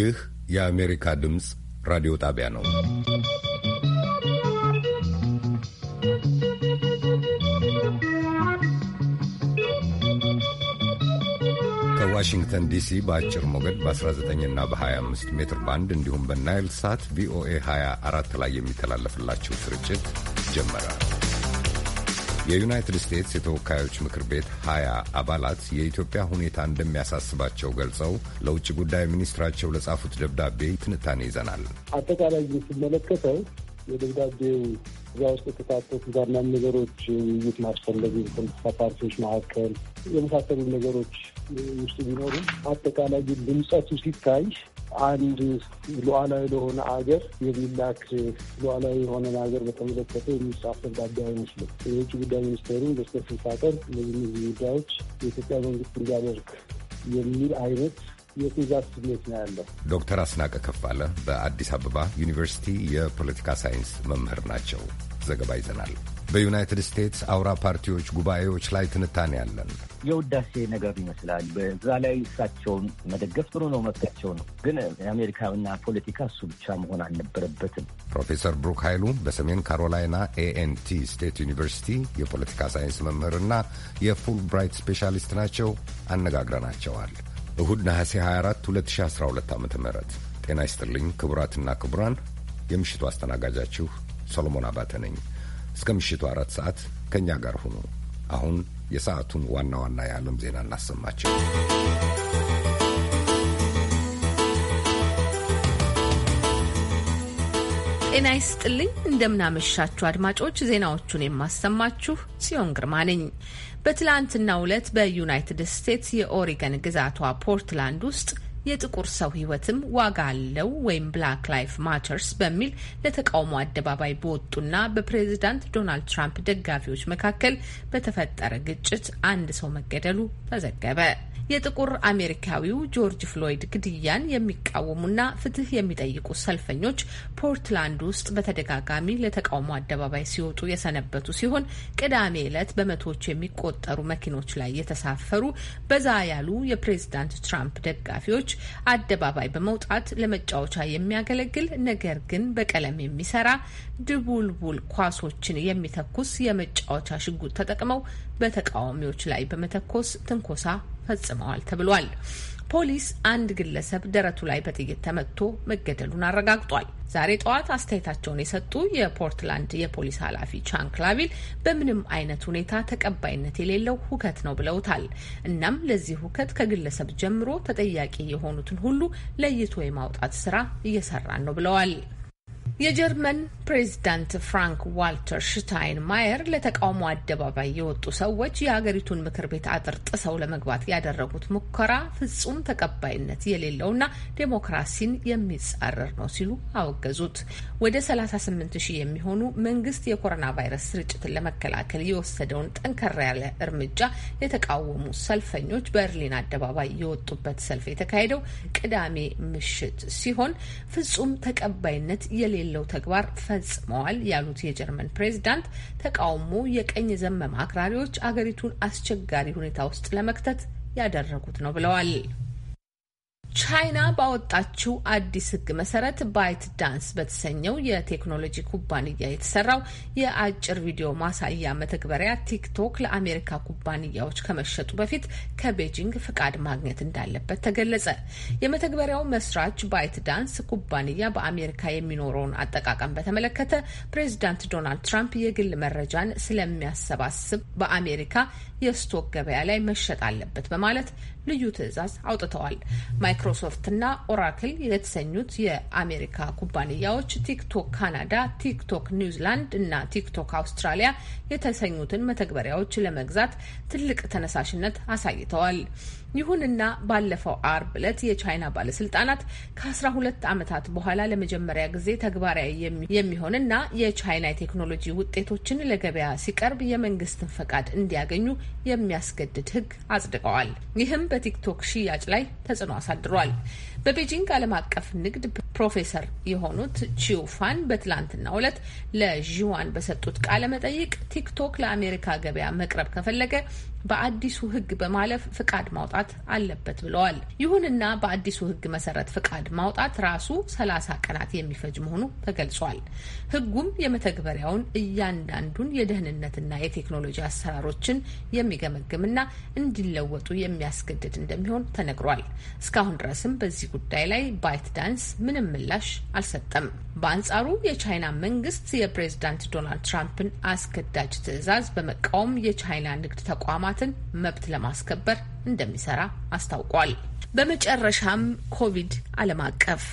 ይህ የአሜሪካ ድምፅ ራዲዮ ጣቢያ ነው። ከዋሽንግተን ዲሲ በአጭር ሞገድ በ19 እና በ25 ሜትር ባንድ እንዲሁም በናይል ሳት ቪኦኤ 24 ላይ የሚተላለፍላችሁ ስርጭት ጀመረ። የዩናይትድ ስቴትስ የተወካዮች ምክር ቤት ሀያ አባላት የኢትዮጵያ ሁኔታ እንደሚያሳስባቸው ገልጸው ለውጭ ጉዳይ ሚኒስትራቸው ለጻፉት ደብዳቤ ትንታኔ ይዘናል። አጠቃላይ ስመለከተው የደብዳቤው እዛ ውስጥ የተካተቱ አንዳንድ ነገሮች ውይይት ማስፈለጉ የፖለቲካ ፓርቲዎች መካከል የመሳሰሉ ነገሮች ውስጥ ቢኖሩም አጠቃላይ ግን ድምጸቱ ሲታይ አንድ ሉዓላዊ ለሆነ አገር የሚላክ ሉዓላዊ የሆነን ሀገር በተመለከተ የሚጻፍ ደብዳቤ አይመስልም። የውጭ ጉዳይ ሚኒስቴሩ በስተስልሳ ቀን እነዚህ ጉዳዮች የኢትዮጵያ መንግስት እንዲያደርግ የሚል አይነት የትእዛዝ ስሜት ነው ያለው። ዶክተር አስናቀ ከፋለ በአዲስ አበባ ዩኒቨርሲቲ የፖለቲካ ሳይንስ መምህር ናቸው። ዘገባ ይዘናል። በዩናይትድ ስቴትስ አውራ ፓርቲዎች ጉባኤዎች ላይ ትንታኔ ያለን የውዳሴ ነገር ይመስላል። በዛ ላይ እሳቸውን መደገፍ ጥሩ ነው፣ መብታቸው ነው። ግን የአሜሪካና ፖለቲካ እሱ ብቻ መሆን አልነበረበትም። ፕሮፌሰር ብሩክ ኃይሉ በሰሜን ካሮላይና ኤኤንቲ ስቴት ዩኒቨርሲቲ የፖለቲካ ሳይንስ መምህርና የፉል ብራይት ስፔሻሊስት ናቸው። አነጋግረናቸዋል። እሁድ ነሐሴ 24 2012 ዓ ም ጤና ይስጥልኝ ክቡራትና ክቡራን፣ የምሽቱ አስተናጋጃችሁ ሰሎሞን አባተ ነኝ። እስከ ምሽቱ አራት ሰዓት ከእኛ ጋር ሁኑ። አሁን የሰዓቱን ዋና ዋና የዓለም ዜና እናሰማቸው። ጤና ይስጥልኝ። እንደምናመሻችሁ አድማጮች፣ ዜናዎቹን የማሰማችሁ ጽዮን ግርማ ነኝ። በትላንትናው ዕለት በዩናይትድ ስቴትስ የኦሪገን ግዛቷ ፖርትላንድ ውስጥ የጥቁር ሰው ህይወትም ዋጋ አለው ወይም ብላክ ላይፍ ማተርስ በሚል ለተቃውሞ አደባባይ በወጡና በፕሬዚዳንት ዶናልድ ትራምፕ ደጋፊዎች መካከል በተፈጠረ ግጭት አንድ ሰው መገደሉ ተዘገበ። የጥቁር አሜሪካዊው ጆርጅ ፍሎይድ ግድያን የሚቃወሙና ፍትህ የሚጠይቁ ሰልፈኞች ፖርትላንድ ውስጥ በተደጋጋሚ ለተቃውሞ አደባባይ ሲወጡ የሰነበቱ ሲሆን ቅዳሜ ዕለት በመቶዎች የሚቆጠሩ መኪኖች ላይ የተሳፈሩ በዛ ያሉ የፕሬዝዳንት ትራምፕ ደጋፊዎች አደባባይ በመውጣት ለመጫወቻ የሚያገለግል ነገር ግን በቀለም የሚሰራ ድቡልቡል ኳሶችን የሚተኩስ የመጫወቻ ሽጉጥ ተጠቅመው በተቃዋሚዎች ላይ በመተኮስ ትንኮሳ ፈጽመዋል ተብሏል። ፖሊስ አንድ ግለሰብ ደረቱ ላይ በጥይት ተመትቶ መገደሉን አረጋግጧል። ዛሬ ጠዋት አስተያየታቸውን የሰጡ የፖርትላንድ የፖሊስ ኃላፊ ቻንክላቪል በምንም አይነት ሁኔታ ተቀባይነት የሌለው ሁከት ነው ብለውታል። እናም ለዚህ ሁከት ከግለሰብ ጀምሮ ተጠያቂ የሆኑትን ሁሉ ለይቶ የማውጣት ስራ እየሰራን ነው ብለዋል። የጀርመን ፕሬዚዳንት ፍራንክ ዋልተር ሽታይን ማየር ለተቃውሞ አደባባይ የወጡ ሰዎች የሀገሪቱን ምክር ቤት አጥር ጥሰው ለመግባት ያደረጉት ሙከራ ፍጹም ተቀባይነት የሌለውና ዴሞክራሲን የሚጻረር ነው ሲሉ አወገዙት። ወደ 38 ሺህ የሚሆኑ መንግስት የኮሮና ቫይረስ ስርጭትን ለመከላከል የወሰደውን ጠንከራ ያለ እርምጃ የተቃወሙ ሰልፈኞች በርሊን አደባባይ የወጡበት ሰልፍ የተካሄደው ቅዳሜ ምሽት ሲሆን ፍጹም ተቀባይነት የሌለ የሌለው ተግባር ፈጽመዋል ያሉት የጀርመን ፕሬዚዳንት ተቃውሞ የቀኝ ዘመም አክራሪዎች አገሪቱን አስቸጋሪ ሁኔታ ውስጥ ለመክተት ያደረጉት ነው ብለዋል። ቻይና ባወጣችው አዲስ ሕግ መሰረት ባይት ዳንስ በተሰኘው የቴክኖሎጂ ኩባንያ የተሰራው የአጭር ቪዲዮ ማሳያ መተግበሪያ ቲክቶክ ለአሜሪካ ኩባንያዎች ከመሸጡ በፊት ከቤጂንግ ፍቃድ ማግኘት እንዳለበት ተገለጸ። የመተግበሪያው መስራች ባይት ዳንስ ኩባንያ በአሜሪካ የሚኖረውን አጠቃቀም በተመለከተ ፕሬዚዳንት ዶናልድ ትራምፕ የግል መረጃን ስለሚያሰባስብ በአሜሪካ የስቶክ ገበያ ላይ መሸጥ አለበት በማለት ልዩ ትዕዛዝ አውጥተዋል። ማይክሮሶፍትና ኦራክል የተሰኙት የአሜሪካ ኩባንያዎች ቲክቶክ ካናዳ፣ ቲክቶክ ኒውዚላንድ እና ቲክቶክ አውስትራሊያ የተሰኙትን መተግበሪያዎች ለመግዛት ትልቅ ተነሳሽነት አሳይተዋል። ይሁንና ባለፈው አርብ ዕለት የቻይና ባለስልጣናት ከ12 ዓመታት በኋላ ለመጀመሪያ ጊዜ ተግባራዊ የሚሆንና የቻይና የቴክኖሎጂ ውጤቶችን ለገበያ ሲቀርብ የመንግስትን ፈቃድ እንዲያገኙ የሚያስገድድ ህግ አጽድቀዋል። ይህም በቲክቶክ ሽያጭ ላይ ተጽዕኖ አሳድሯል። በቤጂንግ ዓለም አቀፍ ንግድ ፕሮፌሰር የሆኑት ቺውፋን በትላንትናው ዕለት ለዢዋን በሰጡት ቃለ መጠይቅ ቲክቶክ ለአሜሪካ ገበያ መቅረብ ከፈለገ በአዲሱ ህግ በማለፍ ፍቃድ ማውጣት አለበት ብለዋል። ይሁንና በአዲሱ ህግ መሰረት ፍቃድ ማውጣት ራሱ ሰላሳ ቀናት የሚፈጅ መሆኑ ተገልጿል። ህጉም የመተግበሪያውን እያንዳንዱን የደህንነትና የቴክኖሎጂ አሰራሮችን የሚገመግምና እንዲለወጡ የሚያስገድድ እንደሚሆን ተነግሯል። እስካሁን ድረስም በዚህ ጉዳይ ላይ ባይት ዳንስ ምንም ምላሽ አልሰጠም። በአንጻሩ የቻይና መንግስት የፕሬዝዳንት ዶናልድ ትራምፕን አስገዳጅ ትዕዛዝ በመቃወም የቻይና ንግድ ተቋማት ተቋማትን መብት ለማስከበር እንደሚሰራ አስታውቋል። በመጨረሻም ኮቪድ ዓለም አቀፍ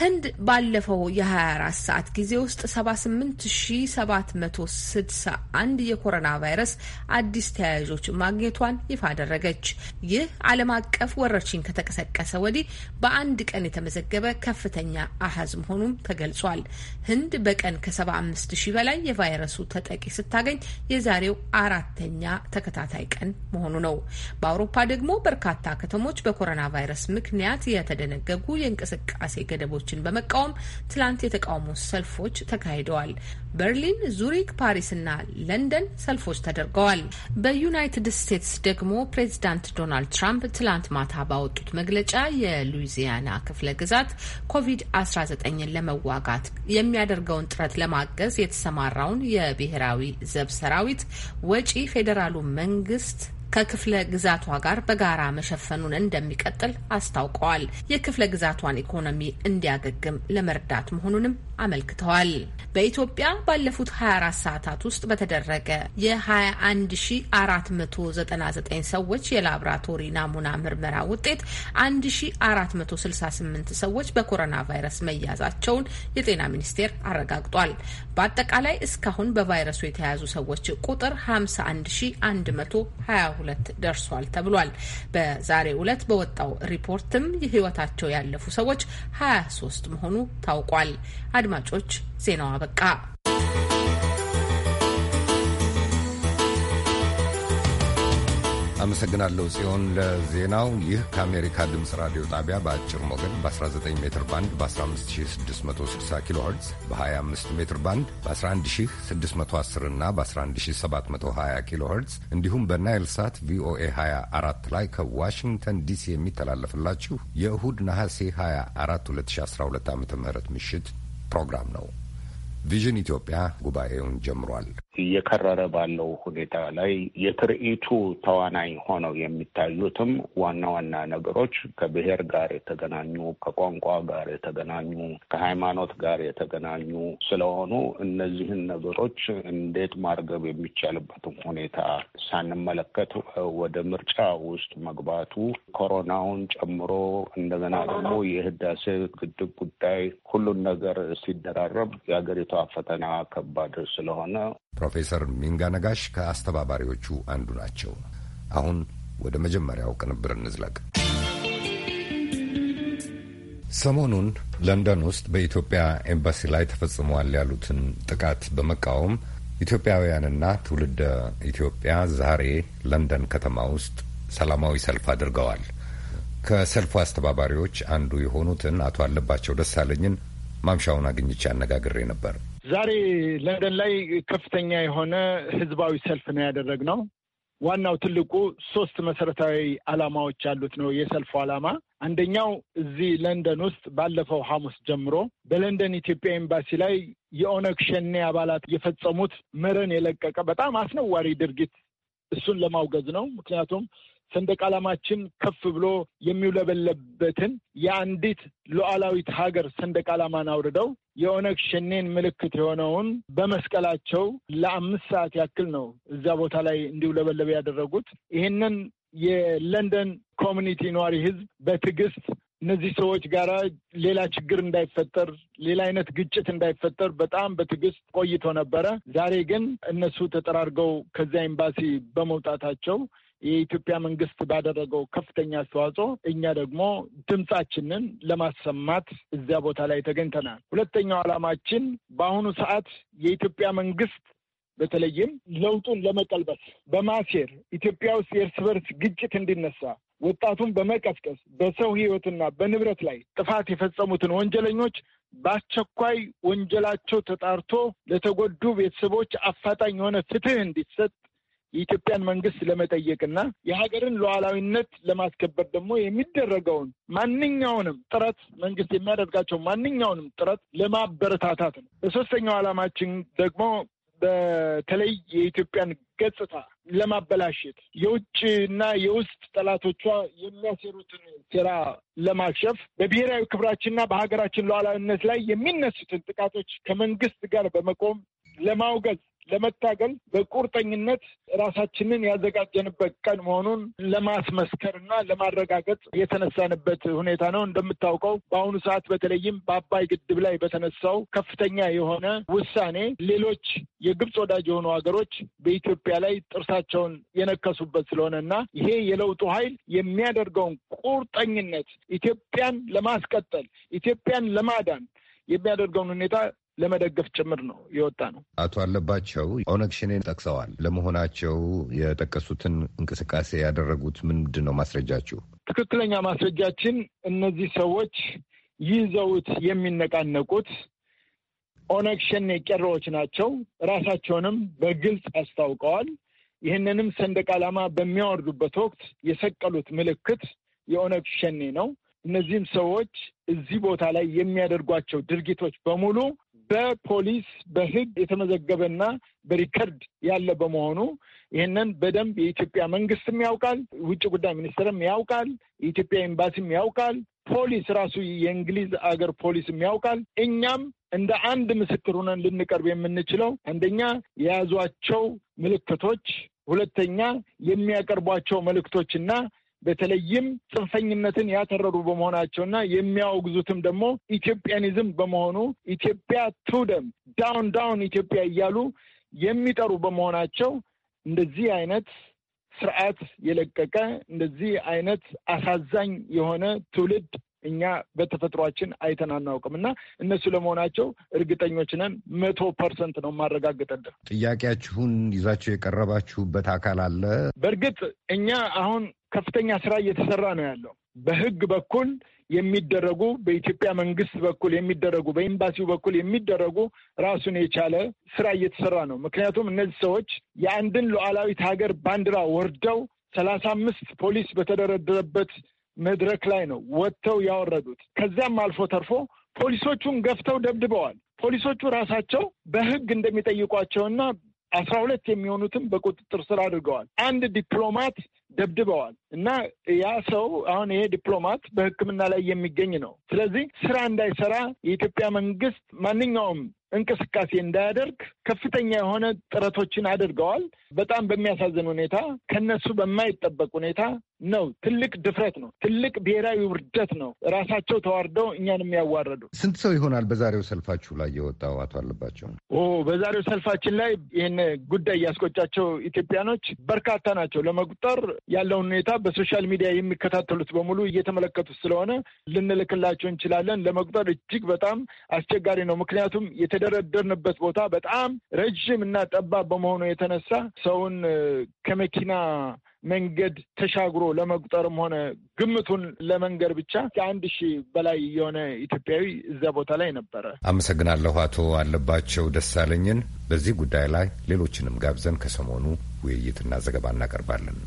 ህንድ ባለፈው የ24 ሰዓት ጊዜ ውስጥ 78761 የኮሮና ቫይረስ አዲስ ተያያዦች ማግኘቷን ይፋ አደረገች። ይህ ዓለም አቀፍ ወረርሽኝ ከተቀሰቀሰ ወዲህ በአንድ ቀን የተመዘገበ ከፍተኛ አሀዝ መሆኑም ተገልጿል። ህንድ በቀን ከ75 በላይ የቫይረሱ ተጠቂ ስታገኝ የዛሬው አራተኛ ተከታታይ ቀን መሆኑ ነው። በአውሮፓ ደግሞ በርካታ ከተሞች በኮሮና ቫይረስ ምክንያት የተደነገጉ የእንቅስቃሴ ገደቦች ድርጊቶችን በመቃወም ትላንት የተቃውሞ ሰልፎች ተካሂደዋል። በርሊን፣ ዙሪክ፣ ፓሪስና ለንደን ሰልፎች ተደርገዋል። በዩናይትድ ስቴትስ ደግሞ ፕሬዚዳንት ዶናልድ ትራምፕ ትላንት ማታ ባወጡት መግለጫ የሉዊዚያና ክፍለ ግዛት ኮቪድ-19ን ለመዋጋት የሚያደርገውን ጥረት ለማገዝ የተሰማራውን የብሔራዊ ዘብ ሰራዊት ወጪ ፌዴራሉ መንግስት ከክፍለ ግዛቷ ጋር በጋራ መሸፈኑን እንደሚቀጥል አስታውቀዋል። የክፍለ ግዛቷን ኢኮኖሚ እንዲያገግም ለመርዳት መሆኑንም አመልክተዋል። በኢትዮጵያ ባለፉት 24 ሰዓታት ውስጥ በተደረገ የ21499 ሰዎች የላብራቶሪ ናሙና ምርመራ ውጤት 1468 ሰዎች በኮሮና ቫይረስ መያዛቸውን የጤና ሚኒስቴር አረጋግጧል። በአጠቃላይ እስካሁን በቫይረሱ የተያዙ ሰዎች ቁጥር 51122 22 ደርሷል ተብሏል። በዛሬው ዕለት በወጣው ሪፖርትም ህይወታቸው ያለፉ ሰዎች 23 መሆኑ ታውቋል። አድማጮች ዜናው አበቃ። አመሰግናለሁ ጽዮን ለዜናው። ይህ ከአሜሪካ ድምፅ ራዲዮ ጣቢያ በአጭር ሞገድ በ19 ሜትር ባንድ በ15660 ኪሎ ኸርትዝ በ25 ሜትር ባንድ በ11610 እና በ11720 ኪሎ ኸርትዝ እንዲሁም በናይል ሳት ቪኦኤ 24 ላይ ከዋሽንግተን ዲሲ የሚተላለፍላችሁ የእሁድ ነሐሴ 24 2012 ዓ ም ምሽት ፕሮግራም ነው። ቪዥን ኢትዮጵያ ጉባኤውን ጀምሯል። እየከረረ ባለው ሁኔታ ላይ የትርኢቱ ተዋናይ ሆነው የሚታዩትም ዋና ዋና ነገሮች ከብሔር ጋር የተገናኙ፣ ከቋንቋ ጋር የተገናኙ፣ ከሃይማኖት ጋር የተገናኙ ስለሆኑ እነዚህን ነገሮች እንዴት ማርገብ የሚቻልበትም ሁኔታ ሳንመለከት ወደ ምርጫ ውስጥ መግባቱ ኮሮናውን ጨምሮ እንደገና ደግሞ የህዳሴ ግድብ ጉዳይ ሁሉን ነገር ሲደራረብ የሀገሪቷ ፈተና ከባድ ስለሆነ ፕሮፌሰር ሚንጋ ነጋሽ ከአስተባባሪዎቹ አንዱ ናቸው። አሁን ወደ መጀመሪያው ቅንብር እንዝለቅ። ሰሞኑን ለንደን ውስጥ በኢትዮጵያ ኤምባሲ ላይ ተፈጽሟል ያሉትን ጥቃት በመቃወም ኢትዮጵያውያንና ትውልደ ኢትዮጵያ ዛሬ ለንደን ከተማ ውስጥ ሰላማዊ ሰልፍ አድርገዋል። ከሰልፉ አስተባባሪዎች አንዱ የሆኑትን አቶ አለባቸው ደሳለኝን ማምሻውን አግኝቼ አነጋግሬ ነበር። ዛሬ ለንደን ላይ ከፍተኛ የሆነ ህዝባዊ ሰልፍ ነው ያደረግነው። ዋናው ትልቁ ሶስት መሰረታዊ አላማዎች ያሉት ነው የሰልፉ አላማ አንደኛው እዚህ ለንደን ውስጥ ባለፈው ሐሙስ ጀምሮ በለንደን ኢትዮጵያ ኤምባሲ ላይ የኦነግ ሸኔ አባላት የፈጸሙት መረን የለቀቀ በጣም አስነዋሪ ድርጊት እሱን ለማውገዝ ነው። ምክንያቱም ሰንደቅ ዓላማችን ከፍ ብሎ የሚውለበለበትን የአንዲት ሉዓላዊት ሀገር ሰንደቅ ዓላማን አውርደው የኦነግ ሸኔን ምልክት የሆነውን በመስቀላቸው ለአምስት ሰዓት ያክል ነው እዚያ ቦታ ላይ እንዲውለበለብ ያደረጉት። ይህንን የለንደን ኮሚኒቲ ነዋሪ ህዝብ በትዕግስት እነዚህ ሰዎች ጋር ሌላ ችግር እንዳይፈጠር፣ ሌላ አይነት ግጭት እንዳይፈጠር በጣም በትዕግስት ቆይቶ ነበረ። ዛሬ ግን እነሱ ተጠራርገው ከዚያ ኤምባሲ በመውጣታቸው የኢትዮጵያ መንግስት ባደረገው ከፍተኛ አስተዋጽኦ እኛ ደግሞ ድምፃችንን ለማሰማት እዚያ ቦታ ላይ ተገኝተናል። ሁለተኛው ዓላማችን በአሁኑ ሰዓት የኢትዮጵያ መንግስት በተለይም ለውጡን ለመቀልበስ በማሴር ኢትዮጵያ ውስጥ የእርስ በርስ ግጭት እንዲነሳ ወጣቱን በመቀስቀስ በሰው ህይወትና በንብረት ላይ ጥፋት የፈጸሙትን ወንጀለኞች በአስቸኳይ ወንጀላቸው ተጣርቶ ለተጎዱ ቤተሰቦች አፋጣኝ የሆነ ፍትህ እንዲሰጥ የኢትዮጵያን መንግስት ለመጠየቅና የሀገርን ሉዓላዊነት ለማስከበር ደግሞ የሚደረገውን ማንኛውንም ጥረት መንግስት የሚያደርጋቸው ማንኛውንም ጥረት ለማበረታታት ነው። በሶስተኛው ዓላማችን ደግሞ በተለይ የኢትዮጵያን ገጽታ ለማበላሸት የውጭና የውስጥ ጠላቶቿ የሚያሴሩትን ሴራ ለማክሸፍ በብሔራዊ ክብራችንና በሀገራችን ሉዓላዊነት ላይ የሚነሱትን ጥቃቶች ከመንግስት ጋር በመቆም ለማውገዝ ለመታገል በቁርጠኝነት ራሳችንን ያዘጋጀንበት ቀን መሆኑን ለማስመስከር እና ለማረጋገጥ የተነሳንበት ሁኔታ ነው። እንደምታውቀው በአሁኑ ሰዓት በተለይም በአባይ ግድብ ላይ በተነሳው ከፍተኛ የሆነ ውሳኔ ሌሎች የግብፅ ወዳጅ የሆኑ ሀገሮች በኢትዮጵያ ላይ ጥርሳቸውን የነከሱበት ስለሆነ እና ይሄ የለውጡ ኃይል የሚያደርገውን ቁርጠኝነት ኢትዮጵያን ለማስቀጠል ኢትዮጵያን ለማዳን የሚያደርገውን ሁኔታ ለመደገፍ ጭምር ነው የወጣ ነው። አቶ አለባቸው ኦነግ ሽኔን ጠቅሰዋል። ለመሆናቸው የጠቀሱትን እንቅስቃሴ ያደረጉት ምንድን ነው ማስረጃችሁ? ትክክለኛ ማስረጃችን እነዚህ ሰዎች ይዘውት የሚነቃነቁት ኦነግ ሸኔ ቄሮዎች ናቸው። ራሳቸውንም በግልጽ አስታውቀዋል። ይህንንም ሰንደቅ ዓላማ በሚያወርዱበት ወቅት የሰቀሉት ምልክት የኦነግ ሸኔ ነው። እነዚህም ሰዎች እዚህ ቦታ ላይ የሚያደርጓቸው ድርጊቶች በሙሉ በፖሊስ በህግ የተመዘገበና በሪከርድ ያለ በመሆኑ ይህንን በደንብ የኢትዮጵያ መንግስትም ያውቃል፣ ውጭ ጉዳይ ሚኒስትርም ያውቃል፣ የኢትዮጵያ ኤምባሲም ያውቃል፣ ፖሊስ ራሱ የእንግሊዝ አገር ፖሊስም ያውቃል። እኛም እንደ አንድ ምስክር ሆነን ልንቀርብ የምንችለው አንደኛ የያዟቸው ምልክቶች ሁለተኛ የሚያቀርቧቸው መልእክቶችና በተለይም ጽንፈኝነትን ያተረሩ በመሆናቸውና የሚያወግዙትም ደግሞ ኢትዮጵያኒዝም በመሆኑ ኢትዮጵያ ቱደም ዳውን ዳውን ኢትዮጵያ እያሉ የሚጠሩ በመሆናቸው እንደዚህ አይነት ስርዓት የለቀቀ እንደዚህ አይነት አሳዛኝ የሆነ ትውልድ እኛ በተፈጥሯችን አይተን አናውቅም እና እነሱ ለመሆናቸው እርግጠኞች ነን። መቶ ፐርሰንት ነው ማረጋግጠልን። ጥያቄያችሁን ይዛችሁ የቀረባችሁበት አካል አለ? በእርግጥ እኛ አሁን ከፍተኛ ስራ እየተሰራ ነው ያለው በህግ በኩል የሚደረጉ በኢትዮጵያ መንግስት በኩል የሚደረጉ በኤምባሲው በኩል የሚደረጉ ራሱን የቻለ ስራ እየተሰራ ነው። ምክንያቱም እነዚህ ሰዎች የአንድን ሉዓላዊት ሀገር ባንዲራ ወርደው ሰላሳ አምስት ፖሊስ በተደረደረበት መድረክ ላይ ነው ወጥተው ያወረዱት። ከዚያም አልፎ ተርፎ ፖሊሶቹን ገፍተው ደብድበዋል። ፖሊሶቹ ራሳቸው በህግ እንደሚጠይቋቸውና አስራ ሁለት የሚሆኑትም በቁጥጥር ስር አድርገዋል። አንድ ዲፕሎማት ደብድበዋል። እና ያ ሰው አሁን ይሄ ዲፕሎማት በሕክምና ላይ የሚገኝ ነው። ስለዚህ ስራ እንዳይሰራ የኢትዮጵያ መንግስት ማንኛውም እንቅስቃሴ እንዳያደርግ ከፍተኛ የሆነ ጥረቶችን አድርገዋል። በጣም በሚያሳዝን ሁኔታ ከነሱ በማይጠበቅ ሁኔታ ነው። ትልቅ ድፍረት ነው። ትልቅ ብሔራዊ ውርደት ነው። ራሳቸው ተዋርደው እኛን የሚያዋረዱ። ስንት ሰው ይሆናል በዛሬው ሰልፋችሁ ላይ የወጣው? አቶ አለባቸው፣ ኦ በዛሬው ሰልፋችን ላይ ይህን ጉዳይ ያስቆጫቸው ኢትዮጵያኖች በርካታ ናቸው። ለመቁጠር ያለውን ሁኔታ በሶሻል ሚዲያ የሚከታተሉት በሙሉ እየተመለከቱት ስለሆነ ልንልክላቸው እንችላለን። ለመቁጠር እጅግ በጣም አስቸጋሪ ነው። ምክንያቱም የተደረደርንበት ቦታ በጣም ረዥም እና ጠባብ በመሆኑ የተነሳ ሰውን ከመኪና መንገድ ተሻግሮ ለመቁጠርም ሆነ ግምቱን ለመንገድ ብቻ ከአንድ ሺህ በላይ የሆነ ኢትዮጵያዊ እዚያ ቦታ ላይ ነበረ። አመሰግናለሁ አቶ አለባቸው ደሳለኝን። በዚህ ጉዳይ ላይ ሌሎችንም ጋብዘን ከሰሞኑ ውይይትና ዘገባ እናቀርባለን።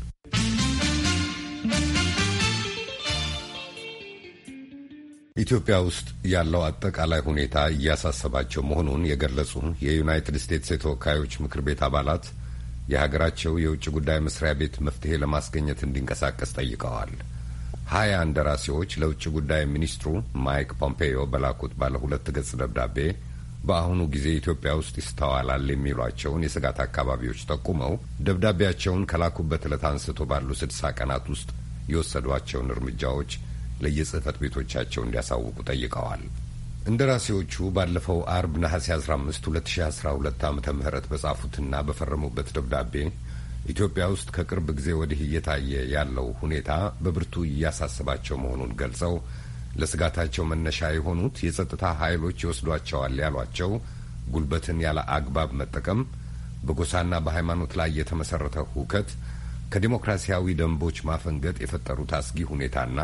ኢትዮጵያ ውስጥ ያለው አጠቃላይ ሁኔታ እያሳሰባቸው መሆኑን የገለጹ የዩናይትድ ስቴትስ የተወካዮች ምክር ቤት አባላት የሀገራቸው የውጭ ጉዳይ መስሪያ ቤት መፍትሄ ለማስገኘት እንዲንቀሳቀስ ጠይቀዋል። ሀያ እንደራሴዎች ለውጭ ጉዳይ ሚኒስትሩ ማይክ ፖምፔዮ በላኩት ባለ ሁለት ገጽ ደብዳቤ በአሁኑ ጊዜ ኢትዮጵያ ውስጥ ይስተዋላል የሚሏቸውን የስጋት አካባቢዎች ጠቁመው ደብዳቤያቸውን ከላኩበት ዕለት አንስቶ ባሉ ስድሳ ቀናት ውስጥ የወሰዷቸውን እርምጃዎች ለየጽህፈት ቤቶቻቸው እንዲያሳውቁ ጠይቀዋል። እንደራሴዎቹ ባለፈው አርብ ነሐሴ 15 2012 ዓ ምህረት በጻፉትና በፈረሙበት ደብዳቤ ኢትዮጵያ ውስጥ ከቅርብ ጊዜ ወዲህ እየታየ ያለው ሁኔታ በብርቱ እያሳሰባቸው መሆኑን ገልጸው ለስጋታቸው መነሻ የሆኑት የጸጥታ ኃይሎች ይወስዷቸዋል ያሏቸው ጉልበትን ያለ አግባብ መጠቀም፣ በጎሳና በሃይማኖት ላይ የተመሰረተ ሁከት፣ ከዲሞክራሲያዊ ደንቦች ማፈንገጥ የፈጠሩት አስጊ ሁኔታና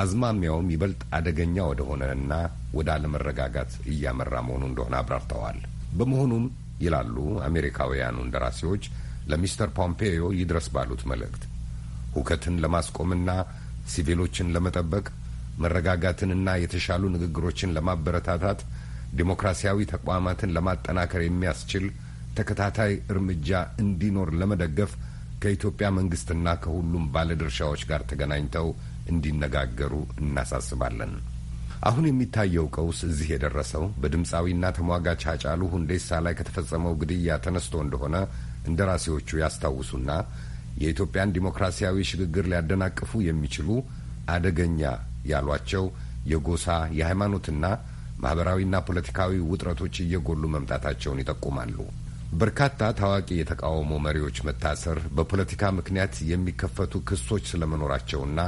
አዝማሚያውም ይበልጥ አደገኛ ወደሆነና ወደ አለመረጋጋት እያመራ መሆኑ እንደሆነ አብራርተዋል። በመሆኑም ይላሉ አሜሪካውያኑ እንደራሴዎች ለሚስተር ፖምፔዮ ይድረስ ባሉት መልእክት ሁከትን ለማስቆምና ሲቪሎችን ለመጠበቅ መረጋጋትንና የተሻሉ ንግግሮችን ለማበረታታት ዲሞክራሲያዊ ተቋማትን ለማጠናከር የሚያስችል ተከታታይ እርምጃ እንዲኖር ለመደገፍ ከኢትዮጵያ መንግስትና ከሁሉም ባለድርሻዎች ጋር ተገናኝተው እንዲነጋገሩ እናሳስባለን። አሁን የሚታየው ቀውስ እዚህ የደረሰው በድምፃዊና ተሟጋች አጫሉ ሁንዴሳ ላይ ከተፈጸመው ግድያ ተነስቶ እንደሆነ እንደራሴዎቹ ያስታውሱና የኢትዮጵያን ዲሞክራሲያዊ ሽግግር ሊያደናቅፉ የሚችሉ አደገኛ ያሏቸው የጎሳ የሃይማኖትና ማኅበራዊና ፖለቲካዊ ውጥረቶች እየጎሉ መምጣታቸውን ይጠቁማሉ። በርካታ ታዋቂ የተቃውሞ መሪዎች መታሰር፣ በፖለቲካ ምክንያት የሚከፈቱ ክሶች ስለመኖራቸውና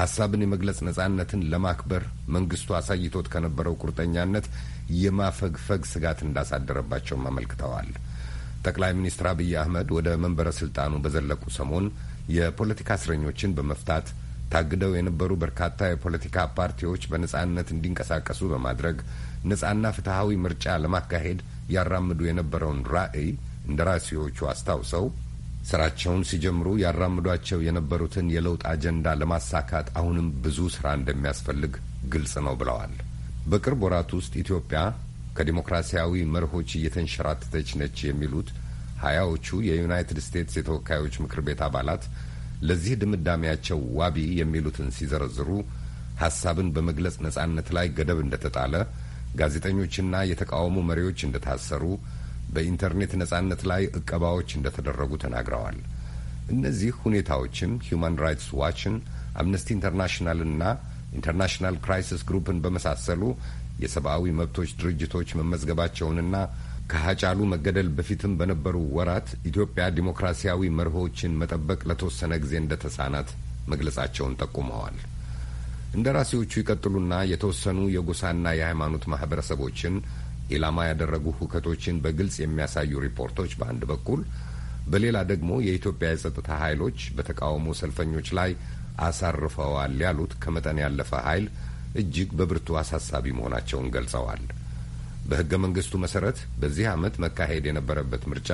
ሀሳብን የመግለጽ ነጻነትን ለማክበር መንግስቱ አሳይቶት ከነበረው ቁርጠኛነት የማፈግፈግ ስጋት እንዳሳደረባቸውም አመልክተዋል። ጠቅላይ ሚኒስትር አብይ አህመድ ወደ መንበረ ስልጣኑ በዘለቁ ሰሞን የፖለቲካ እስረኞችን በመፍታት ታግደው የነበሩ በርካታ የፖለቲካ ፓርቲዎች በነጻነት እንዲንቀሳቀሱ በማድረግ ነጻና ፍትሐዊ ምርጫ ለማካሄድ ያራምዱ የነበረውን ራዕይ እንደራሴዎቹ አስታውሰው ስራቸውን ሲጀምሩ ያራምዷቸው የነበሩትን የለውጥ አጀንዳ ለማሳካት አሁንም ብዙ ስራ እንደሚያስፈልግ ግልጽ ነው ብለዋል። በቅርብ ወራት ውስጥ ኢትዮጵያ ከዲሞክራሲያዊ መርሆች እየተንሸራተተች ነች የሚሉት ሀያዎቹ የዩናይትድ ስቴትስ የተወካዮች ምክር ቤት አባላት ለዚህ ድምዳሜያቸው ዋቢ የሚሉትን ሲዘረዝሩ ሀሳብን በመግለጽ ነጻነት ላይ ገደብ እንደተጣለ፣ ጋዜጠኞችና የተቃውሞ መሪዎች እንደታሰሩ በኢንተርኔት ነጻነት ላይ እቀባዎች እንደተደረጉ ተናግረዋል። እነዚህ ሁኔታዎችም ሁማን ራይትስ ዋችን፣ አምነስቲ ኢንተርናሽናልና ኢንተርናሽናል ክራይሲስ ግሩፕን በመሳሰሉ የሰብአዊ መብቶች ድርጅቶች መመዝገባቸውንና ከሀጫሉ መገደል በፊትም በነበሩ ወራት ኢትዮጵያ ዲሞክራሲያዊ መርሆችን መጠበቅ ለተወሰነ ጊዜ ተሳናት መግለጻቸውን ጠቁመዋል። እንደራሴዎቹ ይቀጥሉና የተወሰኑ የጎሳና የሃይማኖት ማህበረሰቦችን ኢላማ ያደረጉ ሁከቶችን በግልጽ የሚያሳዩ ሪፖርቶች በአንድ በኩል፣ በሌላ ደግሞ የኢትዮጵያ የጸጥታ ኃይሎች በተቃውሞ ሰልፈኞች ላይ አሳርፈዋል ያሉት ከመጠን ያለፈ ኃይል እጅግ በብርቱ አሳሳቢ መሆናቸውን ገልጸዋል። በሕገ መንግስቱ መሰረት በዚህ ዓመት መካሄድ የነበረበት ምርጫ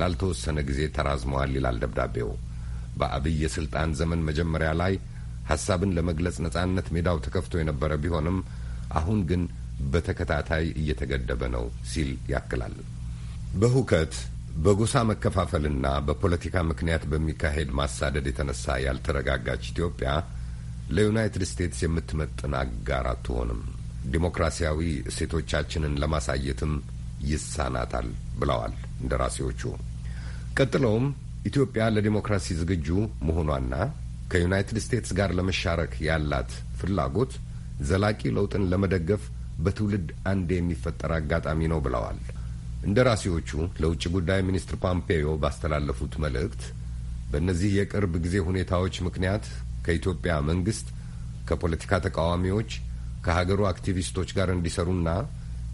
ላልተወሰነ ጊዜ ተራዝመዋል ይላል ደብዳቤው። በአብይ የሥልጣን ዘመን መጀመሪያ ላይ ሐሳብን ለመግለጽ ነጻነት ሜዳው ተከፍቶ የነበረ ቢሆንም አሁን ግን በተከታታይ እየተገደበ ነው ሲል ያክላል። በሁከት በጎሳ መከፋፈልና በፖለቲካ ምክንያት በሚካሄድ ማሳደድ የተነሳ ያልተረጋጋች ኢትዮጵያ ለዩናይትድ ስቴትስ የምትመጥን አጋር አትሆንም፣ ዲሞክራሲያዊ እሴቶቻችንን ለማሳየትም ይሳናታል ብለዋል እንደራሴዎቹ። ቀጥለውም ኢትዮጵያ ለዲሞክራሲ ዝግጁ መሆኗና ከዩናይትድ ስቴትስ ጋር ለመሻረክ ያላት ፍላጎት ዘላቂ ለውጥን ለመደገፍ በትውልድ አንድ የሚፈጠር አጋጣሚ ነው ብለዋል። እንደራሴዎቹ ለውጭ ጉዳይ ሚኒስትር ፖምፔዮ ባስተላለፉት መልእክት በእነዚህ የቅርብ ጊዜ ሁኔታዎች ምክንያት ከኢትዮጵያ መንግስት፣ ከፖለቲካ ተቃዋሚዎች፣ ከሀገሩ አክቲቪስቶች ጋር እንዲሰሩና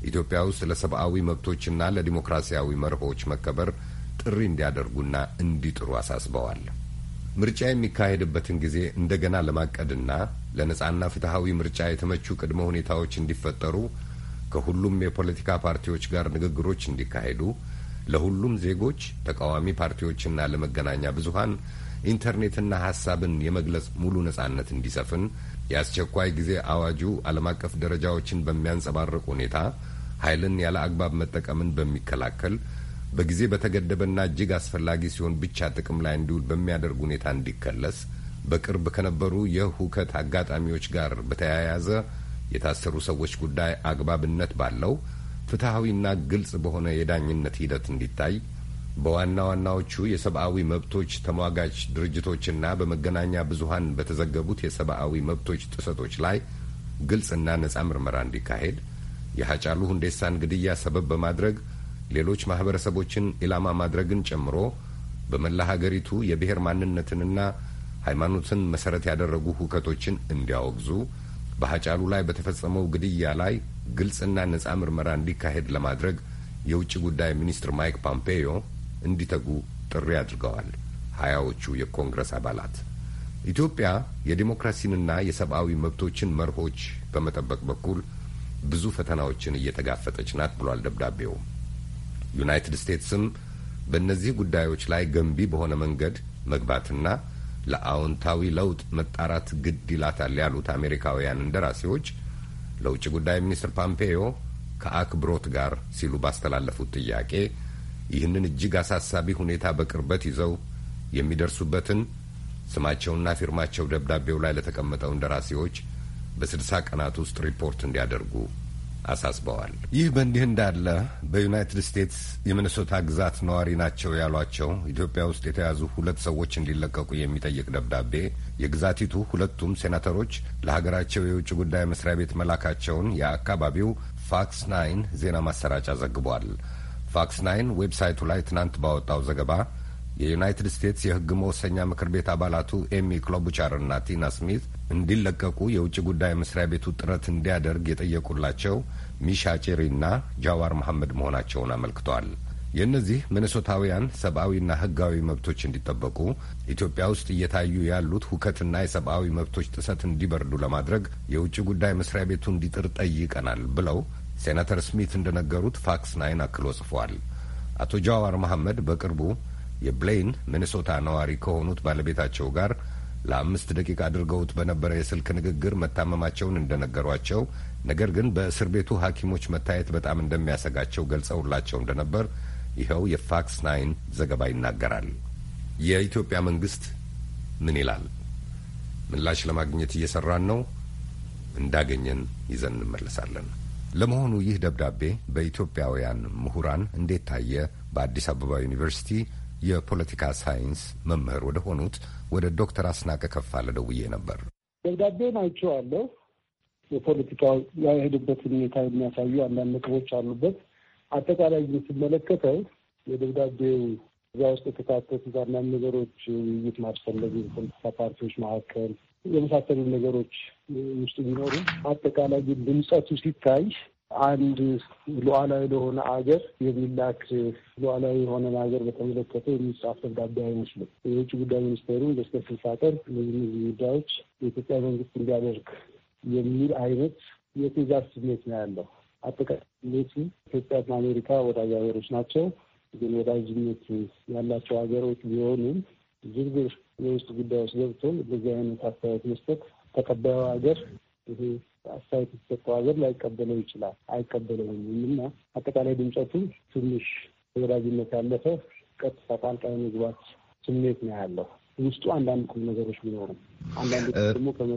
ኢትዮጵያ ውስጥ ለሰብአዊ መብቶችና ለዲሞክራሲያዊ መርሆች መከበር ጥሪ እንዲያደርጉና እንዲጥሩ አሳስበዋል። ምርጫ የሚካሄድበትን ጊዜ እንደገና ለማቀድና ለነጻና ፍትሐዊ ምርጫ የተመቹ ቅድመ ሁኔታዎች እንዲፈጠሩ ከሁሉም የፖለቲካ ፓርቲዎች ጋር ንግግሮች እንዲካሄዱ ለሁሉም ዜጎች፣ ተቃዋሚ ፓርቲዎችና ለመገናኛ ብዙሃን ኢንተርኔትና ሀሳብን የመግለጽ ሙሉ ነጻነት እንዲሰፍን የአስቸኳይ ጊዜ አዋጁ ዓለም አቀፍ ደረጃዎችን በሚያንጸባርቅ ሁኔታ ኃይልን ያለ አግባብ መጠቀምን በሚከላከል በጊዜ በተገደበና እጅግ አስፈላጊ ሲሆን ብቻ ጥቅም ላይ እንዲውል በሚያደርግ ሁኔታ እንዲከለስ በቅርብ ከነበሩ የሁከት አጋጣሚዎች ጋር በተያያዘ የታሰሩ ሰዎች ጉዳይ አግባብነት ባለው ፍትሐዊና ግልጽ በሆነ የዳኝነት ሂደት እንዲታይ በዋና ዋናዎቹ የሰብአዊ መብቶች ተሟጋች ድርጅቶችና በመገናኛ ብዙሀን በተዘገቡት የሰብአዊ መብቶች ጥሰቶች ላይ ግልጽና ነጻ ምርመራ እንዲካሄድ የሀጫሉ ሁንዴሳን ግድያ ሰበብ በማድረግ ሌሎች ማህበረሰቦችን ኢላማ ማድረግን ጨምሮ በመላ ሀገሪቱ የብሔር ማንነትንና ሃይማኖትን መሰረት ያደረጉ ሁከቶችን እንዲያወግዙ በሀጫሉ ላይ በተፈጸመው ግድያ ላይ ግልጽና ነጻ ምርመራ እንዲካሄድ ለማድረግ የውጭ ጉዳይ ሚኒስትር ማይክ ፖምፔዮ እንዲተጉ ጥሪ አድርገዋል። ሀያዎቹ የኮንግረስ አባላት ኢትዮጵያ የዲሞክራሲንና የሰብአዊ መብቶችን መርሆች በመጠበቅ በኩል ብዙ ፈተናዎችን እየተጋፈጠች ናት ብሏል ደብዳቤው። ዩናይትድ ስቴትስም በእነዚህ ጉዳዮች ላይ ገንቢ በሆነ መንገድ መግባትና ለአዎንታዊ ለውጥ መጣራት ግድ ይላታል ያሉት አሜሪካውያን እንደራሴዎች ለውጭ ጉዳይ ሚኒስትር ፓምፔዮ ከአክብሮት ጋር ሲሉ ባስተላለፉት ጥያቄ ይህንን እጅግ አሳሳቢ ሁኔታ በቅርበት ይዘው የሚደርሱበትን ስማቸውና ፊርማቸው ደብዳቤው ላይ ለተቀመጠው እንደራሴዎች በስልሳ ቀናት ውስጥ ሪፖርት እንዲያደርጉ አሳስበዋል። ይህ በእንዲህ እንዳለ በዩናይትድ ስቴትስ የሚኒሶታ ግዛት ነዋሪ ናቸው ያሏቸው ኢትዮጵያ ውስጥ የተያዙ ሁለት ሰዎች እንዲለቀቁ የሚጠይቅ ደብዳቤ የግዛቲቱ ሁለቱም ሴናተሮች ለሀገራቸው የውጭ ጉዳይ መስሪያ ቤት መላካቸውን የአካባቢው ፋክስ ናይን ዜና ማሰራጫ ዘግቧል። ፋክስ ናይን ዌብሳይቱ ላይ ትናንት ባወጣው ዘገባ የዩናይትድ ስቴትስ የሕግ መወሰኛ ምክር ቤት አባላቱ ኤሚ ክሎቡቻር እና ቲና ስሚት እንዲለቀቁ የውጭ ጉዳይ መስሪያ ቤቱ ጥረት እንዲያደርግ የጠየቁላቸው ሚሻ ጬሪ ጃዋር መሐመድ መሆናቸውን አመልክተዋል። የእነዚህ ሚኒሶታውያን ሰብአዊና ሕጋዊ መብቶች እንዲጠበቁ ኢትዮጵያ ውስጥ እየታዩ ያሉት ሁከትና የሰብአዊ መብቶች ጥሰት እንዲበርዱ ለማድረግ የውጭ ጉዳይ መስሪያ ቤቱ እንዲጥር ጠይቀናል ብለው ሴናተር ስሚት እንደነገሩት ፋክስ ናይን አክሎ ጽፏል። አቶ ጃዋር መሐመድ በቅርቡ የብሌይን ሚኒሶታ ነዋሪ ከሆኑት ባለቤታቸው ጋር ለአምስት ደቂቃ አድርገውት በነበረ የስልክ ንግግር መታመማቸውን እንደነገሯቸው፣ ነገር ግን በእስር ቤቱ ሐኪሞች መታየት በጣም እንደሚያሰጋቸው ገልጸውላቸው እንደነበር ይኸው የፋክስ ናይን ዘገባ ይናገራል። የኢትዮጵያ መንግስት ምን ይላል? ምላሽ ለማግኘት እየሰራን ነው። እንዳገኘን ይዘን እንመለሳለን። ለመሆኑ ይህ ደብዳቤ በኢትዮጵያውያን ምሁራን እንዴት ታየ? በአዲስ አበባ ዩኒቨርሲቲ የፖለቲካ ሳይንስ መምህር ወደ ሆኑት ወደ ዶክተር አስናቀ ከፋለ ደውዬ ነበር። ደብዳቤ አይቼዋለሁ። የፖለቲካ ያሄድበትን ሁኔታ የሚያሳዩ አንዳንድ ነጥቦች አሉበት። አጠቃላይ ግን ስመለከተው የደብዳቤው እዛ ውስጥ የተካተቱት አንዳንድ ነገሮች ውይይት ማስፈለጉ የፖለቲካ ፓርቲዎች መካከል የመሳሰሉ ነገሮች ውስጥ ቢኖሩ አጠቃላይ ግን ድምጸቱ ሲታይ አንድ ሉዓላዊ ለሆነ አገር የሚላክ ሉዓላዊ የሆነ ሀገር በተመለከተ የሚጻፍ ደብዳቤ አይመስልም። የውጭ ጉዳይ ሚኒስቴሩን በስተ ስልሳ ቀን እነዚህ እነዚህ ጉዳዮች የኢትዮጵያ መንግስት እንዲያደርግ የሚል አይነት የትእዛዝ ስሜት ነው ያለው። አጠቃላይ ስሜቱ ኢትዮጵያና አሜሪካ ወዳጅ ሀገሮች ናቸው። ግን ወዳጅነት ያላቸው ሀገሮች ቢሆኑም ዝርዝር የውስጥ ጉዳዮች ገብቶ እንደዚህ አይነት አስተያየት መስጠት ተቀባዩ ሀገር ይሄ አስተያየት የተሰጠው ሀገር ላይቀበለው ይችላል አይቀበለውም እና አጠቃላይ ድምጸቱ ትንሽ ተወዳጅነት ያለፈ ቀጥታ ጣልቃ የመግባት ስሜት ነው ያለው። ውስጡ አንዳንድ ቁም ነገሮች ቢኖሩም አንዳንድ ደግሞ ከመ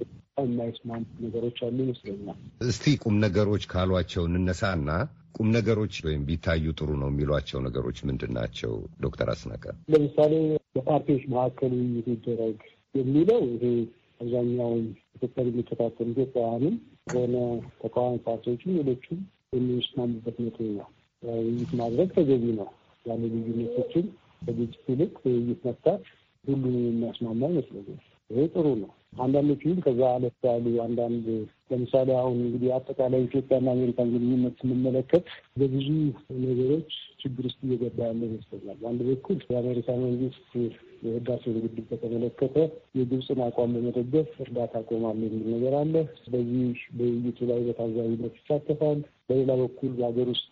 የማይስማሙ ነገሮች አሉ ይመስለኛል። እስቲ ቁም ነገሮች ካሏቸው እንነሳና ቁም ነገሮች ወይም ቢታዩ ጥሩ ነው የሚሏቸው ነገሮች ምንድን ናቸው? ዶክተር አስናቀ ለምሳሌ በፓርቲዎች መካከል ውይይት ይደረግ የሚለው ይሄ አብዛኛውን ኢትዮጵያ የሚከታተሉ ኢትዮጵያውያንም የሆነ ተቃዋሚ ፓርቲዎቹ ሌሎችም የሚስማሙበት ሁኔታ ይሆናል። ውይይት ማድረግ ተገቢ ነው። ያለ ልዩነቶችን ከግጭት ይልቅ ውይይት መፍታት ሁሉንም የሚያስማማ ይመስለኛል። ይሄ ጥሩ ነው። አንዳንዶቹ ከዛ አለፍ ያሉ አንዳንድ ለምሳሌ አሁን እንግዲህ አጠቃላይ ኢትዮጵያና አሜሪካ ግንኙነት ስንመለከት በብዙ ነገሮች ችግር ውስጥ እየገባ ያለ ይመስለኛል። በአንድ በኩል የአሜሪካ መንግስት የህዳሴ ግድብ በተመለከተ የግብፅን አቋም በመደገፍ እርዳታ ቆማል የሚል ነገር አለ። በዚህ በውይይቱ ላይ በታዛቢነት ይሳተፋል። በሌላ በኩል በሀገር ውስጥ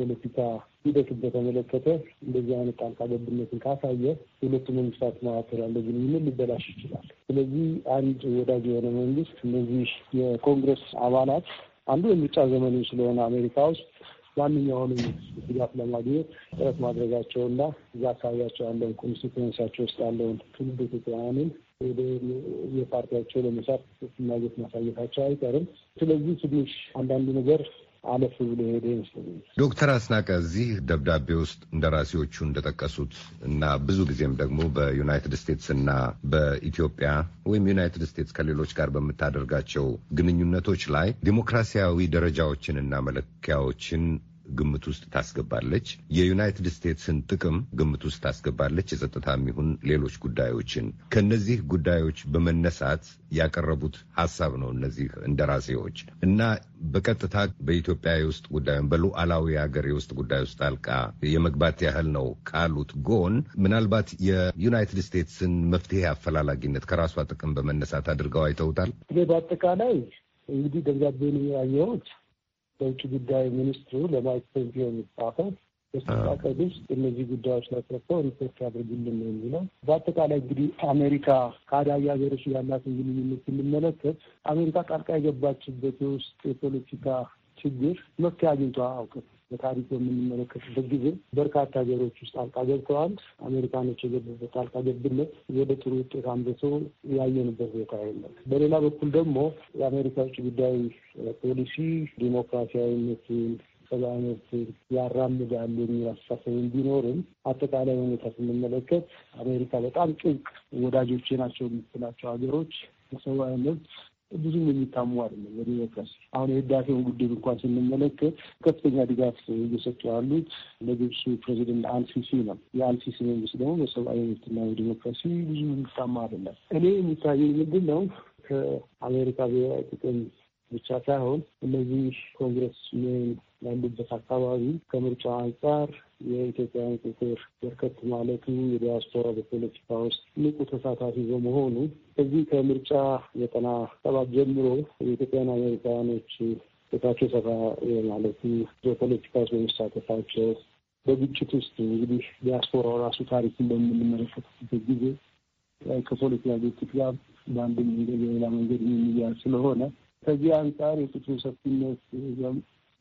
የፖለቲካ ሂደትን በተመለከተ እንደዚህ አይነት ጣልቃ ገብነትን ካሳየ ሁለቱ መንግስታት መካከል ያለ ግንኙነት ሊበላሽ ይችላል። ስለዚህ አንድ ወዳጅ የሆነ መንግስት እነዚህ የኮንግረስ አባላት አንዱ የምርጫ ዘመኑ ስለሆነ አሜሪካ ውስጥ ማንኛውንም ድጋፍ ለማግኘት ጥረት ማድረጋቸውና እዛ አካባቢያቸው ያለውን ኮንስቲትዌንሳቸው ውስጥ ያለውን ትውልድ ኢትዮጵያውያንን ወደ የፓርቲያቸው ለመሳብ ፍላጎት ማሳየታቸው አይቀርም። ስለዚህ ትንሽ አንዳንዱ ነገር አለፍ ብሎ ሄደ ይመስለኛል። ዶክተር አስናቀ እዚህ ደብዳቤ ውስጥ እንደራሴዎቹ እንደጠቀሱት እና ብዙ ጊዜም ደግሞ በዩናይትድ ስቴትስ እና በኢትዮጵያ ወይም ዩናይትድ ስቴትስ ከሌሎች ጋር በምታደርጋቸው ግንኙነቶች ላይ ዲሞክራሲያዊ ደረጃዎችን እና መለኪያዎችን ግምት ውስጥ ታስገባለች፣ የዩናይትድ ስቴትስን ጥቅም ግምት ውስጥ ታስገባለች፣ የጸጥታ የሚሆን ሌሎች ጉዳዮችን። ከእነዚህ ጉዳዮች በመነሳት ያቀረቡት ሀሳብ ነው እነዚህ እንደራሴዎች እና በቀጥታ በኢትዮጵያ የውስጥ ጉዳዩን በሉዓላዊ ሀገር የውስጥ ጉዳይ ውስጥ ጣልቃ የመግባት ያህል ነው ካሉት ጎን ምናልባት የዩናይትድ ስቴትስን መፍትሄ አፈላላጊነት ከራሷ ጥቅም በመነሳት አድርገው አይተውታል። በአጠቃላይ እንግዲህ ደብዳቤን ያየሁት በውጭ ጉዳይ ሚኒስትሩ ለማይክ ፖምፒዮ የሚጻፈው በስተቃቀል ውስጥ እነዚህ ጉዳዮች ላይ ተሰጥተው ሪፖርት ያድርጉልን ነው የሚለው። በአጠቃላይ እንግዲህ አሜሪካ ከአዳጊ ሀገሮች ያላትን ግንኙነት ስንመለከት አሜሪካ ጣልቃ የገባችበት ውስጥ የፖለቲካ ችግር መፍትሄ አግኝቷ አውቅም። በታሪክ በምንመለከትበት ጊዜ በርካታ ሀገሮች ውስጥ ጣልቃ ገብተዋል። አሜሪካኖች የገቡበት ጣልቃ ገብነት ወደ ጥሩ ውጤት አምርቶ ያየንበት ቦታ የለም። በሌላ በኩል ደግሞ የአሜሪካ ውጭ ጉዳይ ፖሊሲ ዲሞክራሲያዊነትን ሰብአዊ መብትን ያራምዳል የሚል አስተሳሰብ ቢኖርም አጠቃላይ ሁኔታ ስንመለከት አሜሪካ በጣም ጥብቅ ወዳጆቼ ናቸው የምትላቸው ሀገሮች ሰብአዊ መብት ብዙም የሚታሙ አይደለም። ወደ በቀር አሁን የህዳሴውን ጉዳይ እንኳን ስንመለከት ከፍተኛ ድጋፍ እየሰጡ ያሉት ለግብፁ ፕሬዚደንት አልሲሲ ነው። የአልሲሲ መንግስት ደግሞ በሰብአዊ መብትና በዲሞክራሲ ብዙ የሚታማ አይደለም። እኔ የሚታየኝ ምንድን ነው ከአሜሪካ ብሔራዊ ጥቅም ብቻ ሳይሆን እነዚህ ኮንግረስ ሜን ያሉበት አካባቢ ከምርጫ አንጻር የኢትዮጵያውያን ቁጥር በርከት ማለቱ የዲያስፖራ በፖለቲካ ውስጥ ንቁ ተሳታፊ በመሆኑ ከዚህ ከምርጫ ዘጠና ሰባት ጀምሮ የኢትዮጵያን አሜሪካኖች ቤታቸው ሰፋ ማለቱ በፖለቲካ ውስጥ በመሳተፋቸው በግጭት ውስጥ እንግዲህ ዲያስፖራው ራሱ ታሪክን በምንመለከትበት ጊዜ ከፖለቲካ ግጭት ጋር በአንድ መንገድ መንገድ የሚያዝ ስለሆነ ከዚህ አንጻር የፍትህ ሰፊነት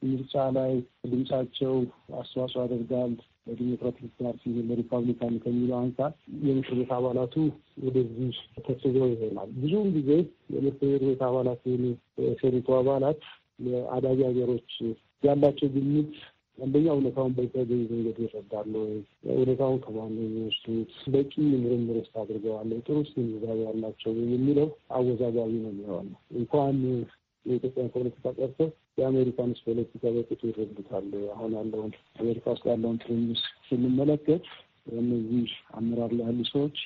ምርጫ ላይ ድምጻቸው አስተዋጽኦ ያደርጋል። በዲሞክራቲክ ፓርቲ በሪፐብሊካን ከሚለው አንጻር የምክር ቤት አባላቱ ወደዚህ ተስበው ይሆናል። ብዙውን ጊዜ የምክር ቤት አባላት ሴኔቱ አባላት ለአዳጊ ሀገሮች ያላቸው ግምት አንደኛ እውነታውን በተገኝ መንገድ ይረዳሉ ወይ? እውነታውን ከማን ነው የሚወስዱት? በቂ ምርምር ውስጥ አድርገዋል? ጥሩ ግንዛቤ ያላቸው የሚለው አወዛጋቢ ነው የሚሆነ እንኳን የኢትዮጵያን ፖለቲካ ቀርቶ የአሜሪካን ውስጥ ፖለቲካ በቅጡ ይረዱታል። አሁን ያለውን አሜሪካ ውስጥ ያለውን ትርምስ ስንመለከት እነዚህ አመራር ላይ ያሉ ሰዎች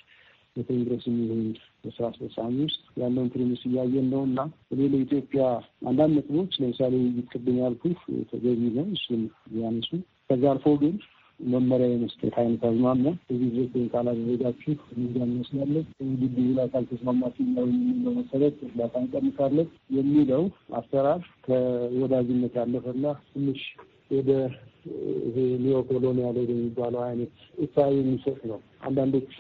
በኮንግረስ የሚሆን በሰዓት በሳሚ ውስጥ ያለውን ፕሪሚስ እያየን ነው እና እኔ ለኢትዮጵያ አንዳንድ ነጥቦች ለምሳሌ ውይይት ቅድም ያልኩ ተገቢ ነው፣ እሱን ያነሱ። ከዛ አልፎ ግን መመሪያ የመስጠት አይነት አዝማሚያ እዚህ ድረስ ካላደረጋችሁ እርምጃ እንወስዳለን፣ ግቢ ላይ ካልተስማማችሁ ና የሚለው መሰረት እርዳታ እንቀንሳለን የሚለው አሰራር ከወዳጅነት ያለፈና ትንሽ ወደ ኒዮ ኮሎኒያል የሚባለው አይነት እሳቤ የሚሰጥ ነው። አንዳንዶቹ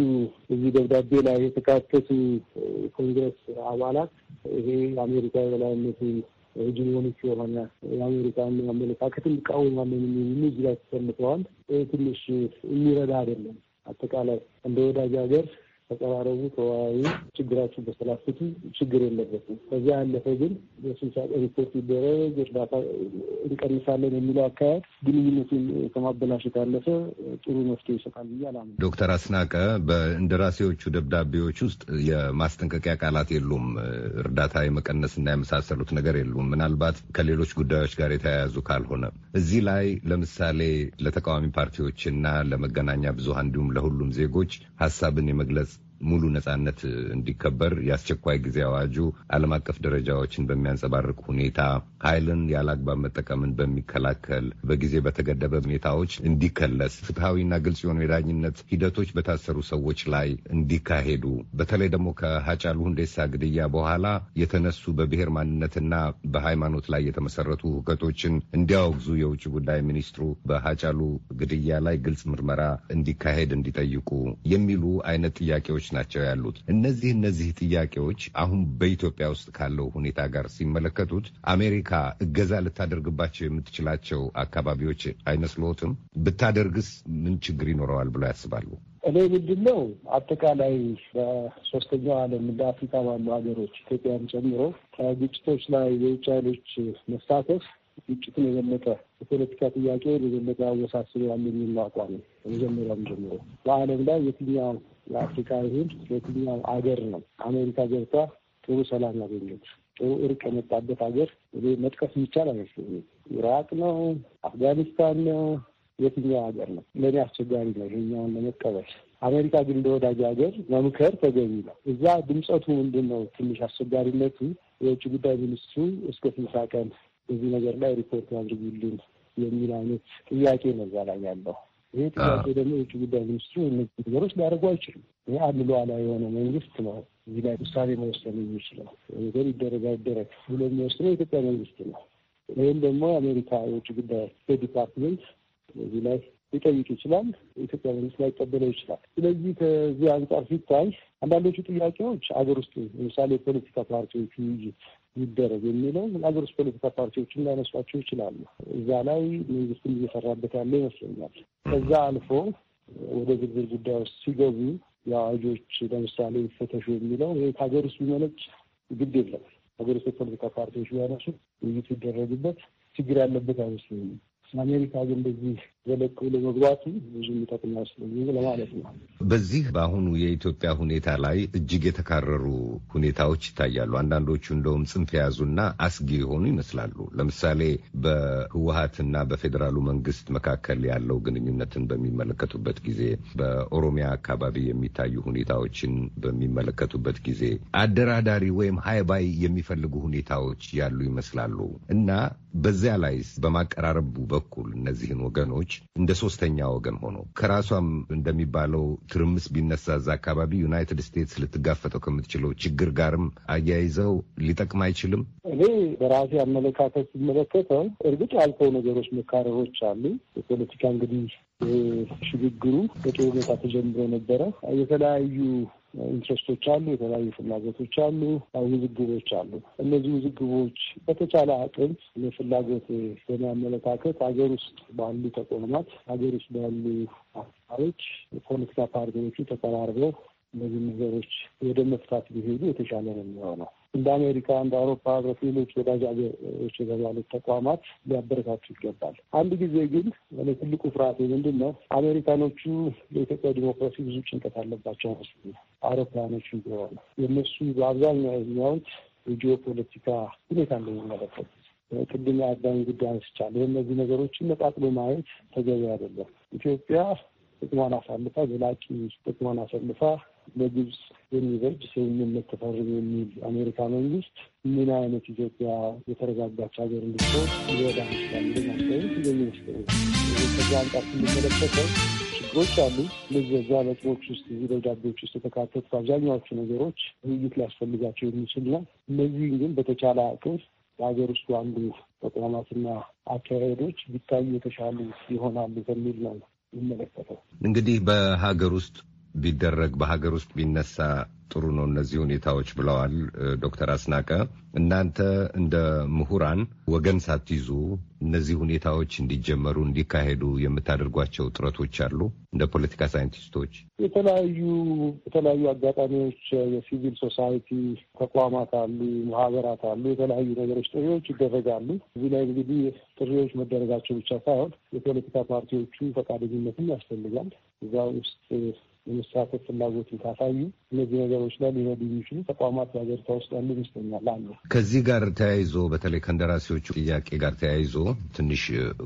እዚህ ደብዳቤ ላይ የተካተቱ ኮንግረስ አባላት ይሄ የአሜሪካ የበላይነትን ሄጂሞኒክ የሆነ የአሜሪካን አመለካከት እንቃወማለን የሚሉ እዚህ ላይ ተሰልፈዋል። ትንሽ የሚረዳ አይደለም። አጠቃላይ እንደ ወዳጅ ሀገር ተቀራረቡ፣ ተወያዩ፣ ችግራችሁን በሰላፍቱ ችግር የለበትም። ከዚያ ያለፈ ግን የስልሳ ሪፖርት ይደረግ እርዳታ እንቀንሳለን የሚለው አካባቢ ግንኙነቱን ከማበላሸት ያለፈ ጥሩ መፍትሄ ይሰጣል ብዬ አላምንም። ዶክተር አስናቀ በእንደራሴዎቹ ደብዳቤዎች ውስጥ የማስጠንቀቂያ ቃላት የሉም፣ እርዳታ የመቀነስና የመሳሰሉት ነገር የሉም። ምናልባት ከሌሎች ጉዳዮች ጋር የተያያዙ ካልሆነ እዚህ ላይ ለምሳሌ ለተቃዋሚ ፓርቲዎችና ለመገናኛ ብዙሃን እንዲሁም ለሁሉም ዜጎች ሀሳብን የመግለጽ ሙሉ ነጻነት እንዲከበር የአስቸኳይ ጊዜ አዋጁ ዓለም አቀፍ ደረጃዎችን በሚያንጸባርቅ ሁኔታ ኃይልን ያለአግባብ መጠቀምን በሚከላከል በጊዜ በተገደበ ሁኔታዎች እንዲከለስ ፍትሐዊና ግልጽ የሆኑ የዳኝነት ሂደቶች በታሰሩ ሰዎች ላይ እንዲካሄዱ በተለይ ደግሞ ከሀጫሉ ሁንዴሳ ግድያ በኋላ የተነሱ በብሔር ማንነትና በሃይማኖት ላይ የተመሰረቱ ሁከቶችን እንዲያወግዙ የውጭ ጉዳይ ሚኒስትሩ በሀጫሉ ግድያ ላይ ግልጽ ምርመራ እንዲካሄድ እንዲጠይቁ የሚሉ አይነት ጥያቄዎች ናቸው ያሉት። እነዚህ እነዚህ ጥያቄዎች አሁን በኢትዮጵያ ውስጥ ካለው ሁኔታ ጋር ሲመለከቱት አሜሪካ እገዛ ልታደርግባቸው የምትችላቸው አካባቢዎች አይመስልዎትም? ብታደርግስ ምን ችግር ይኖረዋል ብለው ያስባሉ? እኔ ምንድን ነው አጠቃላይ በሶስተኛው ዓለም እንደ አፍሪካ ባሉ ሀገሮች ኢትዮጵያን ጨምሮ ከግጭቶች ላይ የውጭ ኃይሎች መሳተፍ ግጭትን የበለጠ የፖለቲካ ጥያቄ የበለጠ አወሳስበ ያለ የሚል አቋም ነው። ጀምሮ በዓለም ላይ የትኛው ለአፍሪካ ይሁን የትኛው አገር ነው አሜሪካ ገብታ ጥሩ ሰላም ያገኘች ጥሩ እርቅ የመጣበት ሀገር መጥቀስ የሚቻል አይመስለኝም። ኢራቅ ነው፣ አፍጋኒስታን ነው፣ የትኛው ሀገር ነው? ለእኔ አስቸጋሪ ነው ይሄኛውን ለመቀበል። አሜሪካ ግን እንደወዳጅ ሀገር መምከር ተገቢ ነው። እዛ ድምፀቱ ምንድን ነው? ትንሽ አስቸጋሪነቱ የውጭ ጉዳይ ሚኒስትሩ እስከ ስልሳ ቀን በዚህ ነገር ላይ ሪፖርት ያድርጉልን የሚል አይነት ጥያቄ ነው እዛ ላይ ያለው። ይሄ ጥያቄ ደግሞ የውጭ ጉዳይ ሚኒስትሩ እነዚህ ነገሮች ሊያደርጉ አይችልም። ይህ አንድ ሉዓላዊ የሆነ መንግስት ነው እዚህ ላይ ውሳኔ መወሰን የሚችለው ነገር ይደረግ አይደረግ ብሎ የሚወስነው የኢትዮጵያ መንግስት ነው። ይህም ደግሞ የአሜሪካ የውጭ ጉዳይ ዲፓርትመንት በዚህ ላይ ሊጠይቅ ይችላል። የኢትዮጵያ መንግስት ላይቀበለው ይችላል። ስለዚህ ከዚህ አንጻር ሲታይ አንዳንዶቹ ጥያቄዎች አገር ውስጥ ለምሳሌ የፖለቲካ ፓርቲዎች ውይይት ይደረግ የሚለው አገር ውስጥ ፖለቲካ ፓርቲዎች ሊያነሷቸው ይችላሉ። እዛ ላይ መንግስትም እየሰራበት ያለ ይመስለኛል። ከዛ አልፎ ወደ ዝርዝር ጉዳዮች ሲገቡ የአዋጆች ለምሳሌ ይፈተሹ የሚለው ይህ ከሀገር ውስጥ ቢመነጭ ግድ የለም። ሀገር ውስጥ የፖለቲካ ፓርቲዎች ቢያነሱ ውይይት ይደረግበት ችግር ያለበት አይመስለኝም። አሜሪካ ግን በዚህ ዘለቅ ብሎ መግባቱ ብዙ የሚጠቅም ለማለት ነው። በዚህ በአሁኑ የኢትዮጵያ ሁኔታ ላይ እጅግ የተካረሩ ሁኔታዎች ይታያሉ። አንዳንዶቹ እንደውም ጽንፍ የያዙና አስጊ የሆኑ ይመስላሉ። ለምሳሌ በህወሀትና በፌዴራሉ መንግስት መካከል ያለው ግንኙነትን በሚመለከቱበት ጊዜ፣ በኦሮሚያ አካባቢ የሚታዩ ሁኔታዎችን በሚመለከቱበት ጊዜ አደራዳሪ ወይም ሀይባይ የሚፈልጉ ሁኔታዎች ያሉ ይመስላሉ እና በዚያ ላይ በማቀራረቡ በኩል እነዚህን ወገኖች እንደ ሶስተኛ ወገን ሆኖ ከራሷም እንደሚባለው ትርምስ ቢነሳ እዛ አካባቢ ዩናይትድ ስቴትስ ልትጋፈጠው ከምትችለው ችግር ጋርም አያይዘው ሊጠቅም አይችልም። እኔ በራሴ አመለካከት ሲመለከተው እርግጥ ያልፈው ነገሮች መካረሮች አሉ። የፖለቲካ እንግዲህ ሽግግሩ በጥሩ ሁኔታ ተጀምሮ ነበረ የተለያዩ ኢንትረስቶች አሉ፣ የተለያዩ ፍላጎቶች አሉ፣ ውዝግቦች አሉ። እነዚህ ውዝግቦች በተቻለ አቅም ለፍላጎት በሚያመለካከት ሀገር ውስጥ ባሉ ተቋማት ሀገር ውስጥ ባሉ አፋሮች የፖለቲካ ፓርቲዎቹ ተቀራርበው እነዚህ ነገሮች ወደ መፍታት ቢሄዱ የተሻለ ነው የሚሆነው። እንደ አሜሪካ፣ እንደ አውሮፓ ህብረት፣ ሌሎች ወዳጅ ሀገሮች የተባሉት ተቋማት ሊያበረታቱ ይገባል። አንድ ጊዜ ግን እኔ ትልቁ ፍርሃቴ ምንድን ነው፣ አሜሪካኖቹ ለኢትዮጵያ ዲሞክራሲ ብዙ ጭንቀት አለባቸው ይመስለኛል። አውሮፓያኖቹ ቢሆኑ የእነሱ በአብዛኛው የሚያዩት የጂኦ ፖለቲካ ሁኔታ እንደሚመለከት ቅድም የአዳኝ ጉዳይ አንስቻለሁ። እነዚህ ነገሮች ነጣጥሎ ማየት ተገቢ አይደለም። ኢትዮጵያ ጥቅሟን አሳልፋ ዘላቂ ጥቅሟን አሳልፋ ለግብጽ የሚበጅ ስምምነት ተፈርም የሚል አሜሪካ መንግስት ምን አይነት ኢትዮጵያ የተረጋጋች ሀገር እንድትሆን ሊወዳ ይችላል ማስተያየት ይመስለኛል። ከዛ አንጻር ስንመለከተው ችግሮች አሉ። ለዛ ነጥቦች ውስጥ እዚህ ደብዳቤዎች ውስጥ የተካተቱ አብዛኛዎቹ ነገሮች ውይይት ሊያስፈልጋቸው የሚችል ነው። እነዚህ ግን በተቻለ አቅም በሀገር ውስጡ አንዱ ተቋማትና አካሄዶች ቢታዩ የተሻሉ ይሆናሉ በሚል ነው ይመለከተው። እንግዲህ በሀገር ውስጥ ቢደረግ በሀገር ውስጥ ቢነሳ ጥሩ ነው እነዚህ ሁኔታዎች ብለዋል ዶክተር አስናቀ። እናንተ እንደ ምሁራን ወገን ሳትይዙ እነዚህ ሁኔታዎች እንዲጀመሩ እንዲካሄዱ የምታደርጓቸው ጥረቶች አሉ። እንደ ፖለቲካ ሳይንቲስቶች የተለያዩ የተለያዩ አጋጣሚዎች የሲቪል ሶሳይቲ ተቋማት አሉ፣ ማህበራት አሉ፣ የተለያዩ ነገሮች ጥሪዎች ይደረጋሉ። እዚህ ላይ እንግዲህ ጥሪዎች መደረጋቸው ብቻ ሳይሆን የፖለቲካ ፓርቲዎቹ ፈቃደኝነትም ያስፈልጋል እዛ ውስጥ የመሳተፍ ፍላጎትን ካሳዩ እነዚህ ነገሮች ላይ ሊረዱ የሚችሉ ተቋማት በሀገሪቷ ውስጥ ያሉ ይመስለኛል። አሉ ከዚህ ጋር ተያይዞ በተለይ ከእንደራሴዎቹ ጥያቄ ጋር ተያይዞ ትንሽ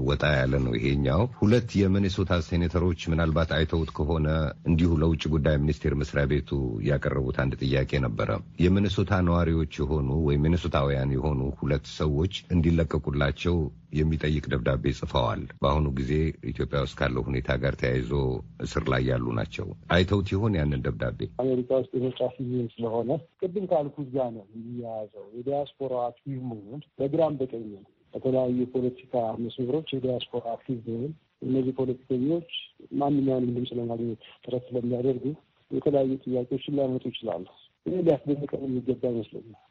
ወጣ ያለ ነው ይሄኛው። ሁለት የሚኒሶታ ሴኔተሮች ምናልባት አይተውት ከሆነ እንዲሁ ለውጭ ጉዳይ ሚኒስቴር መስሪያ ቤቱ ያቀረቡት አንድ ጥያቄ ነበረ። የሚኒሶታ ነዋሪዎች የሆኑ ወይም ሚኒሶታውያን የሆኑ ሁለት ሰዎች እንዲለቀቁላቸው የሚጠይቅ ደብዳቤ ጽፈዋል። በአሁኑ ጊዜ ኢትዮጵያ ውስጥ ካለው ሁኔታ ጋር ተያይዞ እስር ላይ ያሉ ናቸው። አይተውት ይሆን ያንን ደብዳቤ? አሜሪካ ውስጥ የመጽሐፍ ሚል ስለሆነ ቅድም ካልኩት ጋር ነው የሚያያዘው። የዲያስፖራ አክቲቭ መሆን በግራም በቀኝ በተለያዩ የፖለቲካ መስመሮች የዲያስፖራ አክቲቭ መሆን እነዚህ ፖለቲከኞች ማንኛውንም ድምፅ ለማግኘት ጥረት ስለሚያደርጉ የተለያዩ ጥያቄዎችን ሊያመጡ ይችላሉ። ይህ ሊያስደንቀን የሚገባ ይመስለኛል።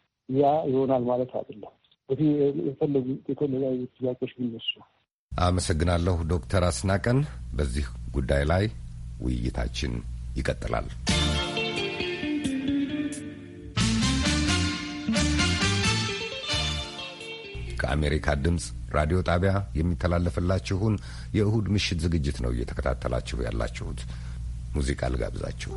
ያ ይሆናል ማለት አይደለም። የፈለጉ የተለያዩ ጥያቄዎች ቢነሱ። አመሰግናለሁ ዶክተር አስናቀን በዚህ ጉዳይ ላይ ውይይታችን ይቀጥላል። ከአሜሪካ ድምፅ ራዲዮ ጣቢያ የሚተላለፍላችሁን የእሁድ ምሽት ዝግጅት ነው እየተከታተላችሁ ያላችሁት። ሙዚቃ ልጋብዛችሁ።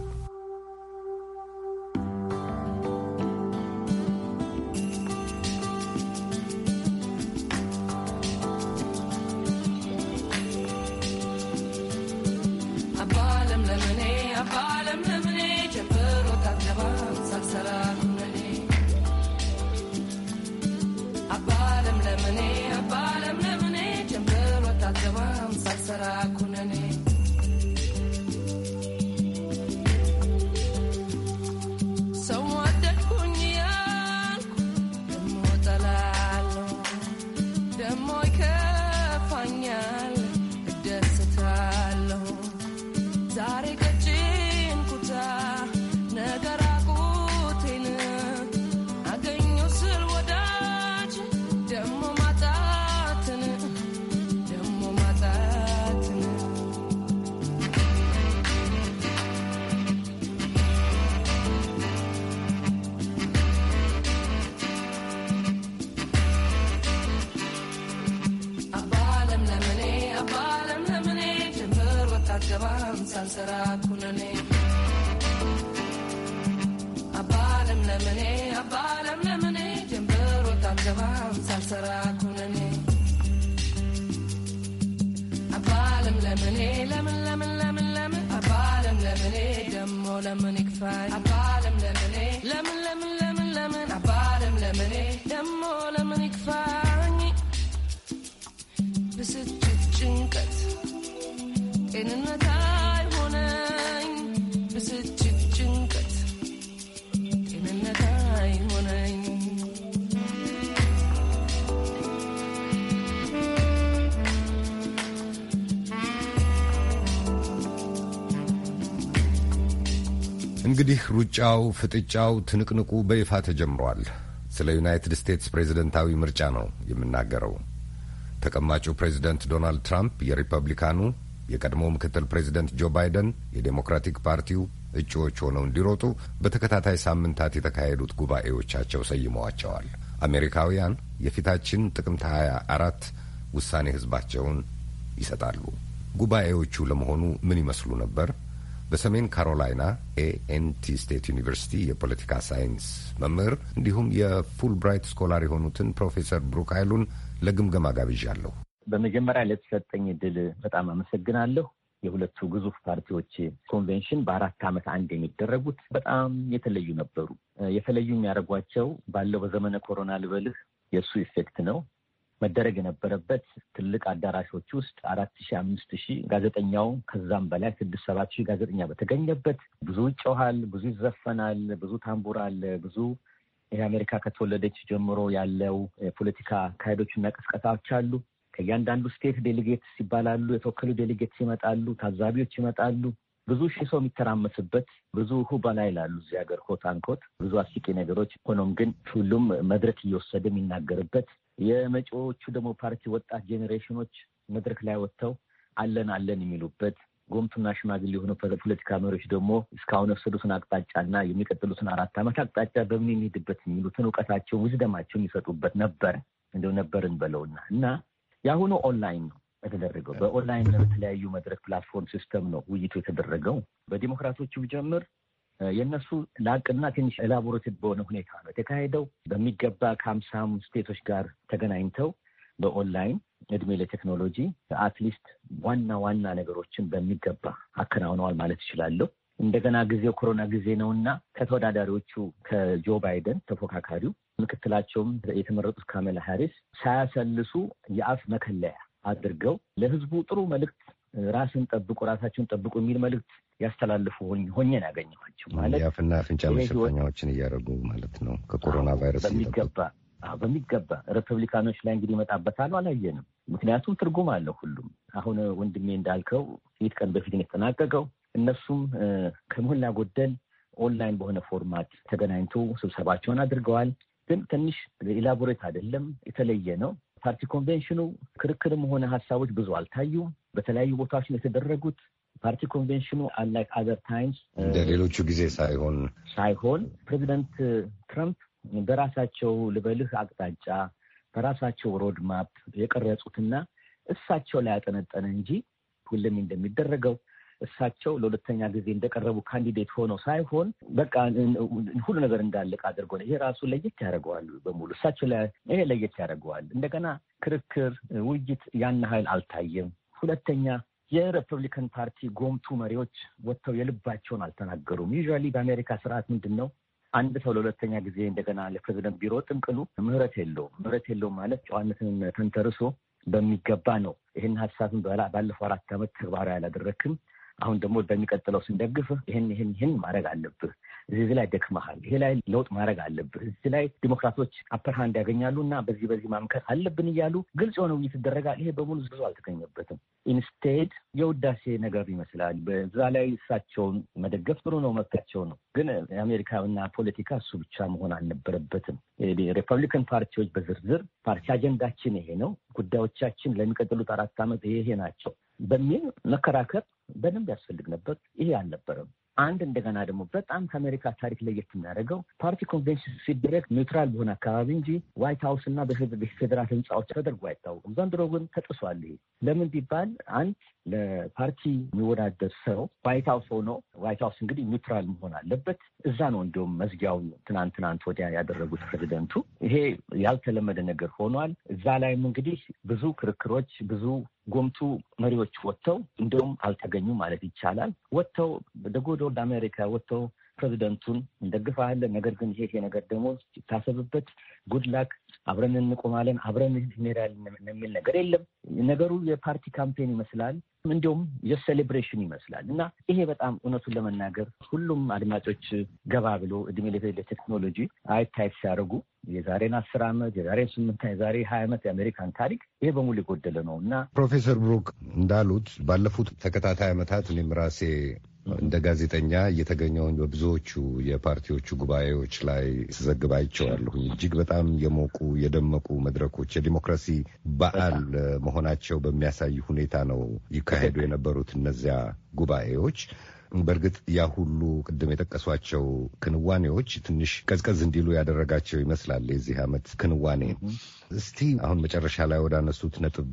ለምኔ ለምን ለምን ለምን ለምን አባለም ለምኔ ደሞ ለምን ይክፋኝ አባለም እንግዲህ ሩጫው፣ ፍጥጫው፣ ትንቅንቁ በይፋ ተጀምሯል። ስለ ዩናይትድ ስቴትስ ፕሬዝደንታዊ ምርጫ ነው የምናገረው። ተቀማጩ ፕሬዝደንት ዶናልድ ትራምፕ፣ የሪፐብሊካኑ የቀድሞ ምክትል ፕሬዝደንት ጆ ባይደን የዴሞክራቲክ ፓርቲው እጩዎች ሆነው እንዲሮጡ በተከታታይ ሳምንታት የተካሄዱት ጉባኤዎቻቸው ሰይመዋቸዋል። አሜሪካውያን የፊታችን ጥቅምት 24 ውሳኔ ህዝባቸውን ይሰጣሉ። ጉባኤዎቹ ለመሆኑ ምን ይመስሉ ነበር? በሰሜን ካሮላይና ኤኤንቲ ስቴት ዩኒቨርሲቲ የፖለቲካ ሳይንስ መምህር እንዲሁም የፉል ብራይት ስኮላር የሆኑትን ፕሮፌሰር ብሩክ ኃይሉን ለግምገማ ጋብዣለሁ። በመጀመሪያ ለተሰጠኝ እድል በጣም አመሰግናለሁ። የሁለቱ ግዙፍ ፓርቲዎች ኮንቬንሽን በአራት ዓመት አንድ የሚደረጉት በጣም የተለዩ ነበሩ። የተለዩ የሚያደርጓቸው ባለው በዘመነ ኮሮና ልበልህ የእሱ ኢፌክት ነው። መደረግ የነበረበት ትልቅ አዳራሾች ውስጥ አራት ሺ አምስት ሺ ጋዜጠኛው ከዛም በላይ ስድስት ሰባት ሺህ ጋዜጠኛ በተገኘበት ብዙ ይጮሃል፣ ብዙ ይዘፈናል፣ ብዙ ታምቡር አለ። ብዙ የአሜሪካ ከተወለደች ጀምሮ ያለው የፖለቲካ አካሄዶችና ቅስቀሳዎች አሉ። ከእያንዳንዱ ስቴት ዴሊጌትስ ይባላሉ። የተወከሉ ዴሊጌትስ ይመጣሉ፣ ታዛቢዎች ይመጣሉ። ብዙ ሺህ ሰው የሚተራመስበት ብዙ ሁባላ ይላሉ እዚህ ሀገር ኮት አንኮት ብዙ አስቂ ነገሮች። ሆኖም ግን ሁሉም መድረክ እየወሰደ የሚናገርበት የመጪዎቹ ደግሞ ፓርቲ ወጣት ጄኔሬሽኖች መድረክ ላይ ወጥተው አለን አለን የሚሉበት ጎምቱና ሽማግሌ የሆኑ ፖለቲካ መሪዎች ደግሞ እስካሁን የወሰዱትን አቅጣጫና የሚቀጥሉትን አራት ዓመት አቅጣጫ በምን የሚሄድበት የሚሉትን እውቀታቸው ውዝደማቸውን ይሰጡበት ነበር። እንደው ነበርን በለውና እና የአሁኑ ኦንላይን ነው የተደረገው። በኦንላይን በተለያዩ መድረክ ፕላትፎርም ሲስተም ነው ውይይቱ የተደረገው። በዲሞክራቶቹ ቢጀምር የእነሱ ላቅና ትንሽ ኤላቦሬትድ በሆነ ሁኔታ ነው የተካሄደው። በሚገባ ከሀምሳም ስቴቶች ጋር ተገናኝተው በኦንላይን እድሜ ለቴክኖሎጂ አትሊስት ዋና ዋና ነገሮችን በሚገባ አከናውነዋል ማለት እችላለሁ። እንደገና ጊዜው ኮሮና ጊዜ ነው እና ከተወዳዳሪዎቹ ከጆ ባይደን ተፎካካሪው፣ ምክትላቸውም የተመረጡት ካሜላ ሃሪስ ሳያሰልሱ የአፍ መከለያ አድርገው ለህዝቡ ጥሩ መልእክት ራስን ጠብቁ፣ ራሳችሁን ጠብቁ የሚል መልእክት ያስተላልፉ ሆኜ ነው ያገኘኋቸው። ማለት የአፍና አፍንጫ መሸፈኛዎችን እያደረጉ ማለት ነው ከኮሮና ቫይረስ በሚገባ በሚገባ ሪፐብሊካኖች ላይ እንግዲህ ይመጣበታል። አላየንም፣ ምክንያቱም ትርጉም አለው ሁሉም። አሁን ወንድሜ እንዳልከው ሴት ቀን በፊት ነው የተጠናቀቀው። እነሱም ከሞላ ጎደል ኦንላይን በሆነ ፎርማት ተገናኝቶ ስብሰባቸውን አድርገዋል። ግን ትንሽ ኢላቦሬት አይደለም፣ የተለየ ነው። ፓርቲ ኮንቬንሽኑ ክርክርም ሆነ ሀሳቦች ብዙ አልታዩም። በተለያዩ ቦታዎች ነው የተደረጉት። ፓርቲ ኮንቬንሽኑ አንላይክ አዘር ታይምስ እንደ ሌሎቹ ጊዜ ሳይሆን ሳይሆን ፕሬዚደንት ትረምፕ በራሳቸው ልበልህ አቅጣጫ በራሳቸው ሮድማፕ የቀረጹትና እሳቸው ላይ ያጠነጠነ እንጂ ሁሌም እንደሚደረገው እሳቸው ለሁለተኛ ጊዜ እንደቀረቡ ካንዲዴት ሆነው ሳይሆን በቃ ሁሉ ነገር እንዳለቅ አድርጎ ነው። ይሄ ራሱ ለየት ያደርገዋል በሙሉ እሳቸው ላይ ይሄ ለየት ያደርገዋል። እንደገና ክርክር፣ ውይይት ያን ሀይል አልታየም። ሁለተኛ የሪፐብሊካን ፓርቲ ጎምቱ መሪዎች ወጥተው የልባቸውን አልተናገሩም። ዩዥዋሊ በአሜሪካ ስርዓት ምንድን ነው አንድ ሰው ለሁለተኛ ጊዜ እንደገና ለፕሬዚደንት ቢሮ ጥንቅሉ ምህረት የለውም። ምህረት የለውም ማለት ጨዋነትን ተንተርሶ በሚገባ ነው። ይህን ሀሳብን ባለፈው አራት ዓመት ተግባራዊ አላደረክም፣ አሁን ደግሞ በሚቀጥለው ስንደግፍ ይህን ይህን ይህን ማድረግ አለብህ እዚህ ላይ ደክመሃል፣ ይሄ ላይ ለውጥ ማድረግ አለብህ፣ እዚህ ላይ ዲሞክራቶች አፐርሃንድ ያገኛሉ እና በዚህ በዚህ ማምከር አለብን እያሉ ግልጽ የሆነ ውይይት ይደረጋል። ይሄ በሙሉ ብዙ አልተገኘበትም። ኢንስቴድ የውዳሴ ነገር ይመስላል። በዛ ላይ እሳቸውን መደገፍ ጥሩ ነው፣ መብታቸው ነው። ግን የአሜሪካና ፖለቲካ እሱ ብቻ መሆን አልነበረበትም። ሪፐብሊካን ፓርቲዎች በዝርዝር ፓርቲ አጀንዳችን ይሄ ነው፣ ጉዳዮቻችን ለሚቀጥሉት አራት ዓመት ይሄ ናቸው በሚል መከራከር በደንብ ያስፈልግ ነበር። ይሄ አልነበረም። አንድ እንደገና ደግሞ በጣም ከአሜሪካ ታሪክ ለየት የሚያደርገው ፓርቲ ኮንቬንሽን ሲደረግ ኒውትራል በሆነ አካባቢ እንጂ ዋይት ሀውስ እና በፌዴራል ህንፃዎች ተደርጎ አይታወቅም። ዘንድሮ ግን ተጥሷል። ይሄ ለምን ቢባል አንድ ለፓርቲ የሚወዳደር ሰው ዋይት ሀውስ ሆኖ ዋይት ሀውስ እንግዲህ ኒውትራል መሆን አለበት። እዛ ነው እንዲሁም መዝጊያውን ትናንት ትናንት ወዲያ ያደረጉት ፕሬዚደንቱ። ይሄ ያልተለመደ ነገር ሆኗል። እዛ ላይም እንግዲህ ብዙ ክርክሮች ብዙ ጎምቱ መሪዎች ወጥተው እንዲሁም አልተገኙ ማለት ይቻላል። ወጥተው ደጎዶ አሜሪካ ወጥተው ፕሬዚደንቱን እንደግፋለን፣ ነገር ግን ይሄ ነገር ደግሞ ሲታሰብበት ጉድላክ አብረን እንቆማለን፣ አብረን እንሄዳለን የሚል ነገር የለም። ነገሩ የፓርቲ ካምፔን ይመስላል፣ እንዲሁም የሴሌብሬሽን ይመስላል እና ይሄ በጣም እውነቱን ለመናገር ሁሉም አድማጮች ገባ ብሎ እድሜ ለቴክኖሎጂ አይታይት ሲያደርጉ የዛሬን አስር ዓመት የዛሬን ስምንት የዛሬ ሀያ ዓመት የአሜሪካን ታሪክ ይሄ በሙሉ የጎደለ ነው እና ፕሮፌሰር ብሩክ እንዳሉት ባለፉት ተከታታይ ዓመታት እኔም ራሴ እንደ ጋዜጠኛ እየተገኘውን በብዙዎቹ የፓርቲዎቹ ጉባኤዎች ላይ ስዘግባቸዋለሁ። እጅግ በጣም የሞቁ የደመቁ መድረኮች የዲሞክራሲ በዓል መሆናቸው በሚያሳይ ሁኔታ ነው ይካሄዱ የነበሩት እነዚያ ጉባኤዎች። በእርግጥ ያ ሁሉ ቅድም የጠቀሷቸው ክንዋኔዎች ትንሽ ቀዝቀዝ እንዲሉ ያደረጋቸው ይመስላል የዚህ ዓመት ክንዋኔ። እስቲ አሁን መጨረሻ ላይ ወዳነሱት ነጥብ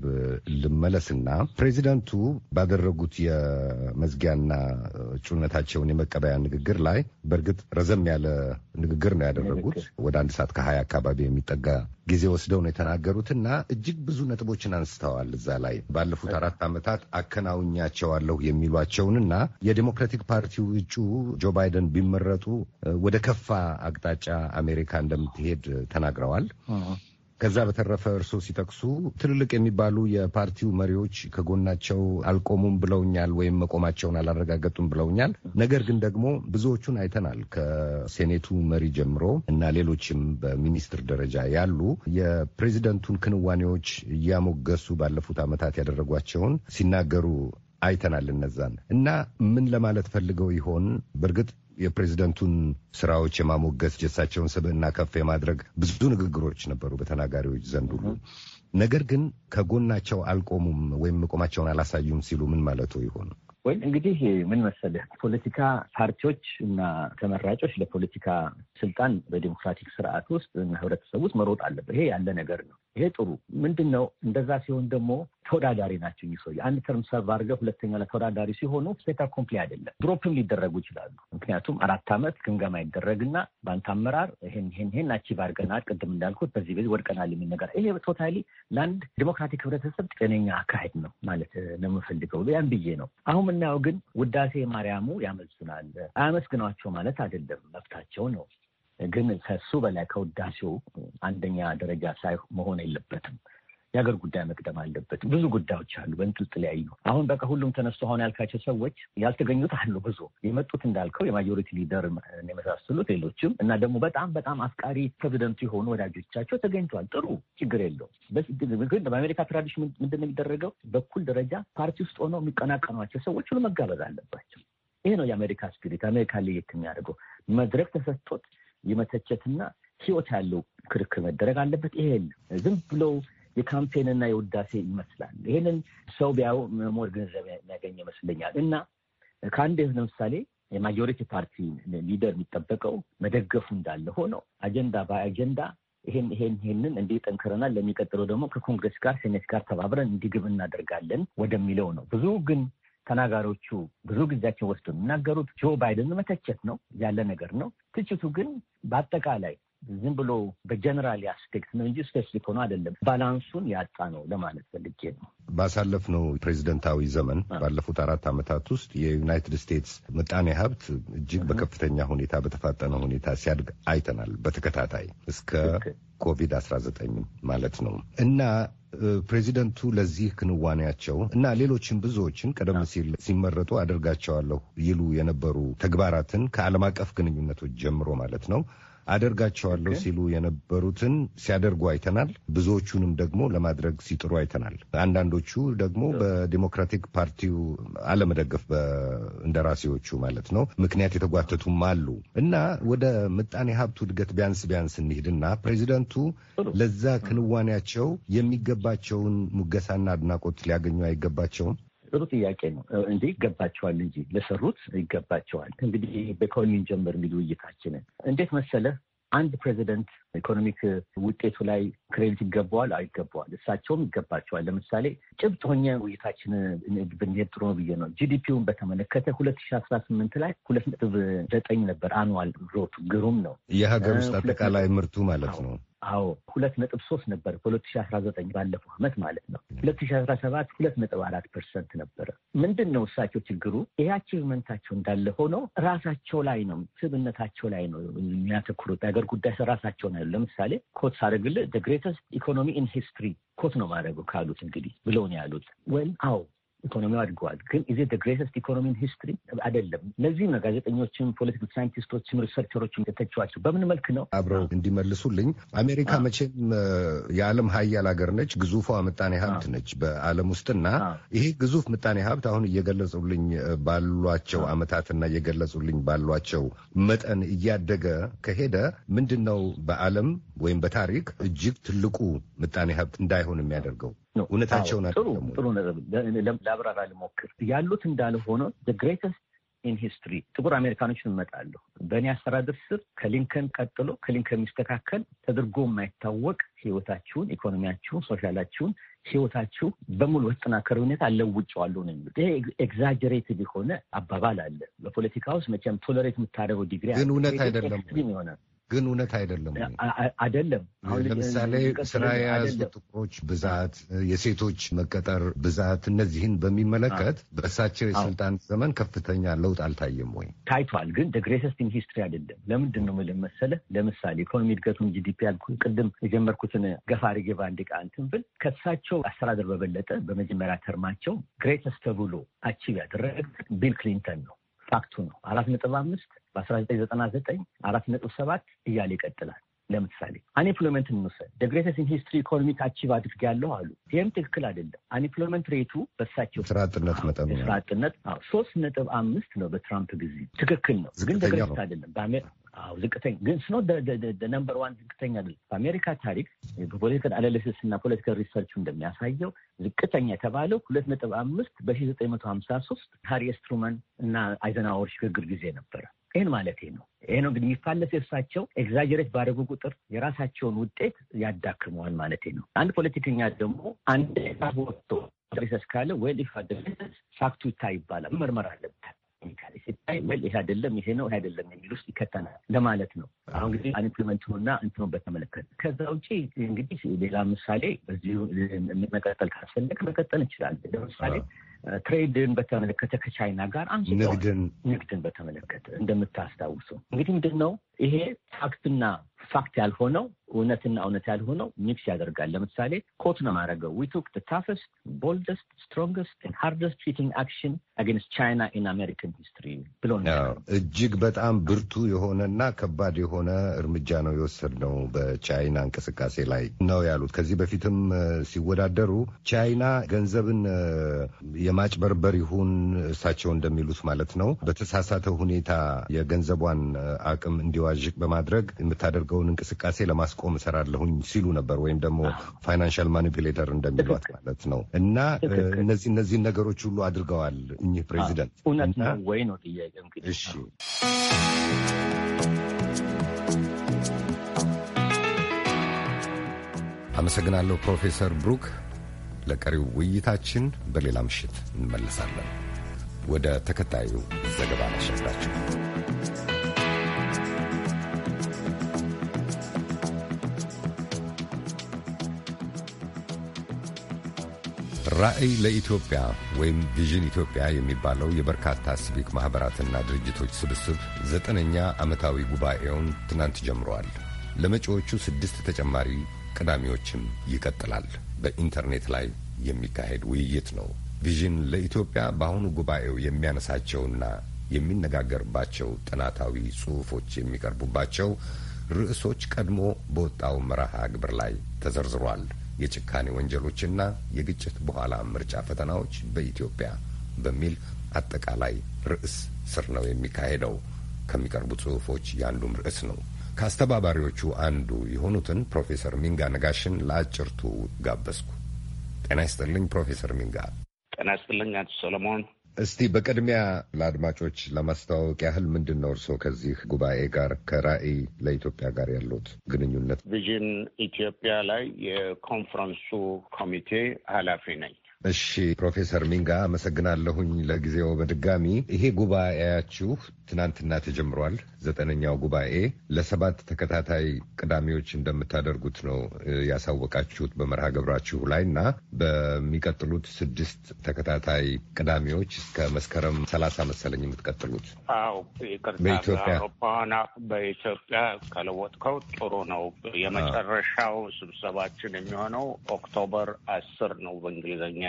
ልመለስና ፕሬዚዳንቱ ባደረጉት የመዝጊያና እጩነታቸውን የመቀበያ ንግግር ላይ በእርግጥ ረዘም ያለ ንግግር ነው ያደረጉት። ወደ አንድ ሰዓት ከሀያ አካባቢ የሚጠጋ ጊዜ ወስደው ነው የተናገሩትና እጅግ ብዙ ነጥቦችን አንስተዋል። እዛ ላይ ባለፉት አራት ዓመታት አከናውኛቸዋለሁ የሚሏቸውንና የዲሞክራቲክ ፓርቲው እጩ ጆ ባይደን ቢመረጡ ወደ ከፋ አቅጣጫ አሜሪካ እንደምትሄድ ተናግረዋል። ከዛ በተረፈ እርስዎ ሲጠቅሱ ትልልቅ የሚባሉ የፓርቲው መሪዎች ከጎናቸው አልቆሙም ብለውኛል፣ ወይም መቆማቸውን አላረጋገጡም ብለውኛል። ነገር ግን ደግሞ ብዙዎቹን አይተናል። ከሴኔቱ መሪ ጀምሮ እና ሌሎችም በሚኒስትር ደረጃ ያሉ የፕሬዚደንቱን ክንዋኔዎች እያሞገሱ ባለፉት ዓመታት ያደረጓቸውን ሲናገሩ አይተናል እነዛን እና ምን ለማለት ፈልገው ይሆን በእርግጥ የፕሬዚደንቱን ስራዎች የማሞገስ የእሳቸውን ስብዕና ከፍ የማድረግ ብዙ ንግግሮች ነበሩ በተናጋሪዎች ዘንድ ሁሉ። ነገር ግን ከጎናቸው አልቆሙም ወይም መቆማቸውን አላሳዩም ሲሉ ምን ማለቱ ይሆን? ወይ እንግዲህ ምን መሰለህ ፖለቲካ ፓርቲዎች እና ተመራጮች ለፖለቲካ ስልጣን በዲሞክራቲክ ስርዓት ውስጥ እና ህብረተሰብ ውስጥ መሮጥ አለበት። ይሄ ያለ ነገር ነው። ይሄ ጥሩ ምንድን ነው። እንደዛ ሲሆን ደግሞ ተወዳዳሪ ናቸው። ይህ ሰውዬ አንድ ተርም ሰርቭ አድርገው ሁለተኛ ላይ ተወዳዳሪ ሲሆኑ ሴታ ኮምፕሊ አይደለም። ድሮፕም ሊደረጉ ይችላሉ። ምክንያቱም አራት ዓመት ግምገማ ይደረግና በአንተ አመራር ይሄን ይሄን ይሄን አቺቭ አድርገናል፣ ቅድም እንዳልኩት በዚህ በዚህ ወድቀናል የሚል ነገር ይሄ ቶታሊ ለአንድ ዲሞክራቲክ ህብረተሰብ ጤነኛ አካሄድ ነው ማለት ነው የምፈልገው ያን ብዬ ነው። አሁን የምናየው ግን ውዳሴ ማርያሙ ያመዝናል። አያመስግናቸው ማለት አይደለም፣ መብታቸው ነው። ግን ከሱ በላይ ከውዳሴው አንደኛ ደረጃ ሳይ መሆን የለበትም። የሀገር ጉዳይ መቅደም አለበት። ብዙ ጉዳዮች አሉ በእንጥልጥል ያዩ። አሁን በቃ ሁሉም ተነስቶ አሁን ያልካቸው ሰዎች ያልተገኙት አሉ ብዙ የመጡት እንዳልከው የማጆሪቲ ሊደር የመሳሰሉት ሌሎችም እና ደግሞ በጣም በጣም አፍቃሪ ፕሬዚደንቱ የሆኑ ወዳጆቻቸው ተገኝቷል። ጥሩ ችግር የለውም። ግን በአሜሪካ ትራዲሽን ምንድን ነው የሚደረገው? በኩል ደረጃ ፓርቲ ውስጥ ሆነው የሚቀናቀኗቸው ሰዎች ሁሉ መጋበዝ አለባቸው። ይሄ ነው የአሜሪካ ስፒሪት፣ አሜሪካ ለየት የሚያደርገው መድረክ ተሰጥቶት የመተቸትና ህይወት ያለው ክርክር መደረግ አለበት። ይሄ ዝም ብሎ የካምፔንና የውዳሴ ይመስላል። ይሄንን ሰው ቢያው መሞር ግንዘብ የሚያገኝ ይመስለኛል። እና ከአንድ ለምሳሌ የማጆሪቲ ፓርቲ ሊደር የሚጠበቀው መደገፉ እንዳለ ሆኖ አጀንዳ በአጀንዳ ይሄን ይሄን ይሄንን እንዲህ ጠንክረናል፣ ለሚቀጥለው ደግሞ ከኮንግረስ ጋር ሴኔት ጋር ተባብረን እንዲግብ እናደርጋለን ወደሚለው ነው። ብዙ ግን ተናጋሪዎቹ ብዙ ጊዜያቸው ወስዶ የሚናገሩት ጆ ባይደን መተቸት ነው ያለ ነገር ነው። ትችቱ ግን በአጠቃላይ ዝም ብሎ በጀነራል አስፔክት ነው እንጂ ስፔሲፊክ ሆኖ አይደለም። ባላንሱን ያጣ ነው ለማለት ፈልጌ ነው። ነው ፕሬዚደንታዊ ዘመን ባለፉት አራት ዓመታት ውስጥ የዩናይትድ ስቴትስ ምጣኔ ሀብት እጅግ በከፍተኛ ሁኔታ በተፋጠነ ሁኔታ ሲያድግ አይተናል። በተከታታይ እስከ ኮቪድ አስራ ዘጠኝ ማለት ነው እና ፕሬዚደንቱ ለዚህ ክንዋኔያቸው እና ሌሎችን ብዙዎችን ቀደም ሲል ሲመረጡ አደርጋቸዋለሁ ይሉ የነበሩ ተግባራትን ከዓለም አቀፍ ግንኙነቶች ጀምሮ ማለት ነው አደርጋቸዋለሁ ሲሉ የነበሩትን ሲያደርጉ አይተናል። ብዙዎቹንም ደግሞ ለማድረግ ሲጥሩ አይተናል። አንዳንዶቹ ደግሞ በዲሞክራቲክ ፓርቲው አለመደገፍ እንደራሴዎቹ ማለት ነው ምክንያት የተጓተቱም አሉ እና ወደ ምጣኔ ሀብቱ እድገት ቢያንስ ቢያንስ እንሂድና ፕሬዚደንቱ ለዛ ክንዋኔያቸው የሚገባቸውን ሙገሳና አድናቆት ሊያገኙ አይገባቸውም? ጥሩ ጥያቄ ነው እንጂ ይገባቸዋል እንጂ ለሰሩት ይገባቸዋል። እንግዲህ በኮኒን ጀምር የሚል ውይይታችንን እንዴት መሰለህ አንድ ፕሬዚደንት ኢኮኖሚክ ውጤቱ ላይ ክሬዲት ይገባዋል አይገባዋል፣ እሳቸውም ይገባቸዋል። ለምሳሌ ጭብጥ ሆኜ ውይይታችን ብንሄድ ጥሩ ነው ብዬ ነው። ጂዲፒውን በተመለከተ ሁለት ሺ አስራ ስምንት ላይ ሁለት ነጥብ ዘጠኝ ነበር አኑዋል ግሮቱ ግሩም ነው። የሀገር ውስጥ አጠቃላይ ምርቱ ማለት ነው። አዎ ሁለት ነጥብ ሶስት ነበር በሁለት ሺ አስራ ዘጠኝ ባለፈው አመት ማለት ነው። ሁለት ሺ አስራ ሰባት ሁለት ነጥብ አራት ፐርሰንት ነበረ። ምንድን ነው እሳቸው ችግሩ? ይህ አቺቭመንታቸው እንዳለ ሆኖ ራሳቸው ላይ ነው ስብነታቸው ላይ ነው የሚያተኩሩት። የሀገር ጉዳይ ራሳቸው ላይ ለምሳሌ ኮት ሳደርግልህ ግሬተስት ኢኮኖሚ ኢን ሂስትሪ ኮት ነው ማድረገው ካሉት እንግዲህ ብለውን ያሉት ወይም አዎ ኢኮኖሚው አድገዋል። ግን ኢዜ ግሬተስት ኢኮኖሚ ኢን ሂስትሪ አይደለም። ለዚህ ነው ጋዜጠኞችም ፖለቲካል ሳይንቲስቶችም ሪሰርቸሮችም የተቸዋቸው። በምን መልክ ነው አብረው እንዲመልሱልኝ። አሜሪካ መቼም የዓለም ሀያል ሀገር ነች፣ ግዙፏ ምጣኔ ሀብት ነች በዓለም ውስጥና ይሄ ግዙፍ ምጣኔ ሀብት አሁን እየገለጹልኝ ባሏቸው አመታትና እየገለጹልኝ ባሏቸው መጠን እያደገ ከሄደ ምንድን ነው በዓለም ወይም በታሪክ እጅግ ትልቁ ምጣኔ ሀብት እንዳይሆን የሚያደርገው? እውነታቸውን ጥሩ ነገር ለአብራራ ልሞክር ያሉት እንዳለ ሆኖ ግሬተስት ኢን ሂስትሪ ጥቁር አሜሪካኖችን እመጣለሁ በእኔ አስተዳደር ስር ከሊንከን ቀጥሎ ከሊንከን የሚስተካከል ተደርጎ የማይታወቅ ህይወታችሁን፣ ኢኮኖሚያችሁን፣ ሶሻላችሁን ህይወታችሁ በሙሉ በተጠናከረ ሁኔታ አለውጫዋለሁ ነው የሚሉት። ይሄ ኤግዛጀሬትድ የሆነ አባባል አለ። በፖለቲካ ውስጥ መቼም ቶለሬት የምታደረገው ዲግሪ ግን እውነት አይደለም ሆነ ግን እውነት አይደለም አይደለም። ለምሳሌ ስራ የያዙ ጥቁሮች ብዛት፣ የሴቶች መቀጠር ብዛት፣ እነዚህን በሚመለከት በእሳቸው የስልጣን ዘመን ከፍተኛ ለውጥ አልታየም ወይ? ታይቷል፣ ግን ግሬተስት ኢን ሂስትሪ አይደለም። ለምንድን ነው የምልህ መሰለህ? ለምሳሌ ኢኮኖሚ እድገቱን ጂዲፒ ያልኩህ ቅድም የጀመርኩትን ገፋሪ አድርጌ በአንድ እንትን ብል ከእሳቸው አስተዳደር በበለጠ በመጀመሪያ ተርማቸው ግሬተስ ተብሎ አቺቭ ያደረገ ቢል ክሊንተን ነው። ፋክቱ ነው። አራት ነጥብ አምስት በ1999 አራት ነጥብ ሰባት እያለ ይቀጥላል። ለምሳሌ አንኤምፕሎይመንት እንውሰድ። ደግሬተስ ኢን ሂስትሪ ኢኮኖሚክ አቺቭ አድርግ ያለው አሉ። ይህም ትክክል አይደለም። አንኤምፕሎይመንት ሬቱ በሳቸው ስራጥነት መጠን ስራጥነት ሶስት ነጥብ አምስት ነው በትራምፕ ጊዜ ትክክል ነው፣ ግን ደግሬተስ አይደለም ዝቅተኛ ግን ስኖ ነምበር ዋን ዝቅተኛ አይደለም። በአሜሪካ ታሪክ በፖለቲካል አናሊሲስ እና ፖለቲካል ሪሰርች እንደሚያሳየው ዝቅተኛ የተባለው ሁለት ነጥብ አምስት በሺ ዘጠኝ መቶ ሀምሳ ሶስት ሃሪ ኤስ ትሩመን እና አይዘናወር ሽግግር ጊዜ ነበረ። ይህን ማለት ነው። ይሄ ነው እንግዲህ የሚፋለስ እርሳቸው ኤግዛጀሬት ባደረጉ ቁጥር የራሳቸውን ውጤት ያዳክመዋል ማለት ነው። አንድ ፖለቲከኛ ደግሞ አንድ ወጥቶ ሪሰስ ካለ ወይ ፋክቱ ይታይ ይባላል። መርመር አለበት ሲታይ ወይ ይሄ አይደለም ይሄ ነው አይደለም የሚል ውስጥ ይከተናል ለማለት ነው። አሁን እንግዲህ ኢምፕሊመንቱና እንትኑን በተመለከተ ከዛ ውጭ እንግዲህ ሌላ ምሳሌ በዚሁ መቀጠል ካስፈለግ መቀጠል እንችላለን። ለምሳሌ ትሬድን በተመለከተ ከቻይና ጋር አንስቶ ንግድን በተመለከተ እንደምታስታውሱ እንግዲህ ምንድን ነው ይሄ ታክስና ፋክት ያልሆነው እውነትና እውነት ያልሆነው ሚክስ ያደርጋል። ለምሳሌ ኮት ነው ማድረገው ዊቱክ ቱክ ታፈስት ቦልደስት ስትሮንገስት ሃርደስት ትሪቲንግ አክሽን አገንስት ቻይና ኢን አሜሪካን ሂስትሪ ብሎ እጅግ በጣም ብርቱ የሆነና ከባድ የሆነ እርምጃ ነው የወሰድነው በቻይና እንቅስቃሴ ላይ ነው ያሉት። ከዚህ በፊትም ሲወዳደሩ ቻይና ገንዘብን የማጭበርበር ይሁን እሳቸው እንደሚሉት ማለት ነው በተሳሳተ ሁኔታ የገንዘቧን አቅም እንዲዋዥቅ በማድረግ የምታደርግ የሚያደርገውን እንቅስቃሴ ለማስቆም እሰራለሁኝ ሲሉ ነበር። ወይም ደግሞ ፋይናንሻል ማኒፕሌተር እንደሚሏት ማለት ነው። እና እነዚህ እነዚህን ነገሮች ሁሉ አድርገዋል እኚህ ፕሬዚደንት። እውነት ነው ወይ ነው ጥያቄ። እሺ አመሰግናለሁ ፕሮፌሰር ብሩክ። ለቀሪው ውይይታችን በሌላ ምሽት እንመለሳለን። ወደ ተከታዩ ዘገባ ላሸጋችሁ። ራዕይ ለኢትዮጵያ ወይም ቪዥን ኢትዮጵያ የሚባለው የበርካታ ሲቪክ ማኅበራትና ድርጅቶች ስብስብ ዘጠነኛ ዓመታዊ ጉባኤውን ትናንት ጀምረዋል። ለመጪዎቹ ስድስት ተጨማሪ ቅዳሜዎችም ይቀጥላል። በኢንተርኔት ላይ የሚካሄድ ውይይት ነው። ቪዥን ለኢትዮጵያ በአሁኑ ጉባኤው የሚያነሳቸውና የሚነጋገርባቸው ጥናታዊ ጽሑፎች የሚቀርቡባቸው ርዕሶች ቀድሞ በወጣው መርሃ ግብር ላይ ተዘርዝሯል። የጭካኔ ወንጀሎችና የግጭት በኋላ ምርጫ ፈተናዎች በኢትዮጵያ በሚል አጠቃላይ ርዕስ ስር ነው የሚካሄደው። ከሚቀርቡ ጽሁፎች የአንዱም ርዕስ ነው። ከአስተባባሪዎቹ አንዱ የሆኑትን ፕሮፌሰር ሚንጋ ነጋሽን ለአጭርቱ ጋበዝኩ። ጤና ይስጥልኝ ፕሮፌሰር ሚንጋ። ጤና ይስጥልኝ አቶ ሰለሞን። እስቲ በቅድሚያ ለአድማጮች ለማስተዋወቅ ያህል ምንድን ነው እርስዎ ከዚህ ጉባኤ ጋር ከራዕይ ለኢትዮጵያ ጋር ያሉት ግንኙነት? ቪዥን ኢትዮጵያ ላይ የኮንፈረንሱ ኮሚቴ ኃላፊ ነኝ። እሺ ፕሮፌሰር ሚንጋ አመሰግናለሁኝ። ለጊዜው በድጋሚ ይሄ ጉባኤያችሁ ትናንትና ተጀምሯል። ዘጠነኛው ጉባኤ ለሰባት ተከታታይ ቅዳሜዎች እንደምታደርጉት ነው ያሳወቃችሁት በመርሃ ግብራችሁ ላይ እና በሚቀጥሉት ስድስት ተከታታይ ቅዳሜዎች እስከ መስከረም ሰላሳ መሰለኝ የምትቀጥሉት። አዎ በኢትዮጵያ በኢትዮጵያ ከለወጥከው ጥሩ ነው። የመጨረሻው ስብሰባችን የሚሆነው ኦክቶበር አስር ነው። በእንግሊዝኛ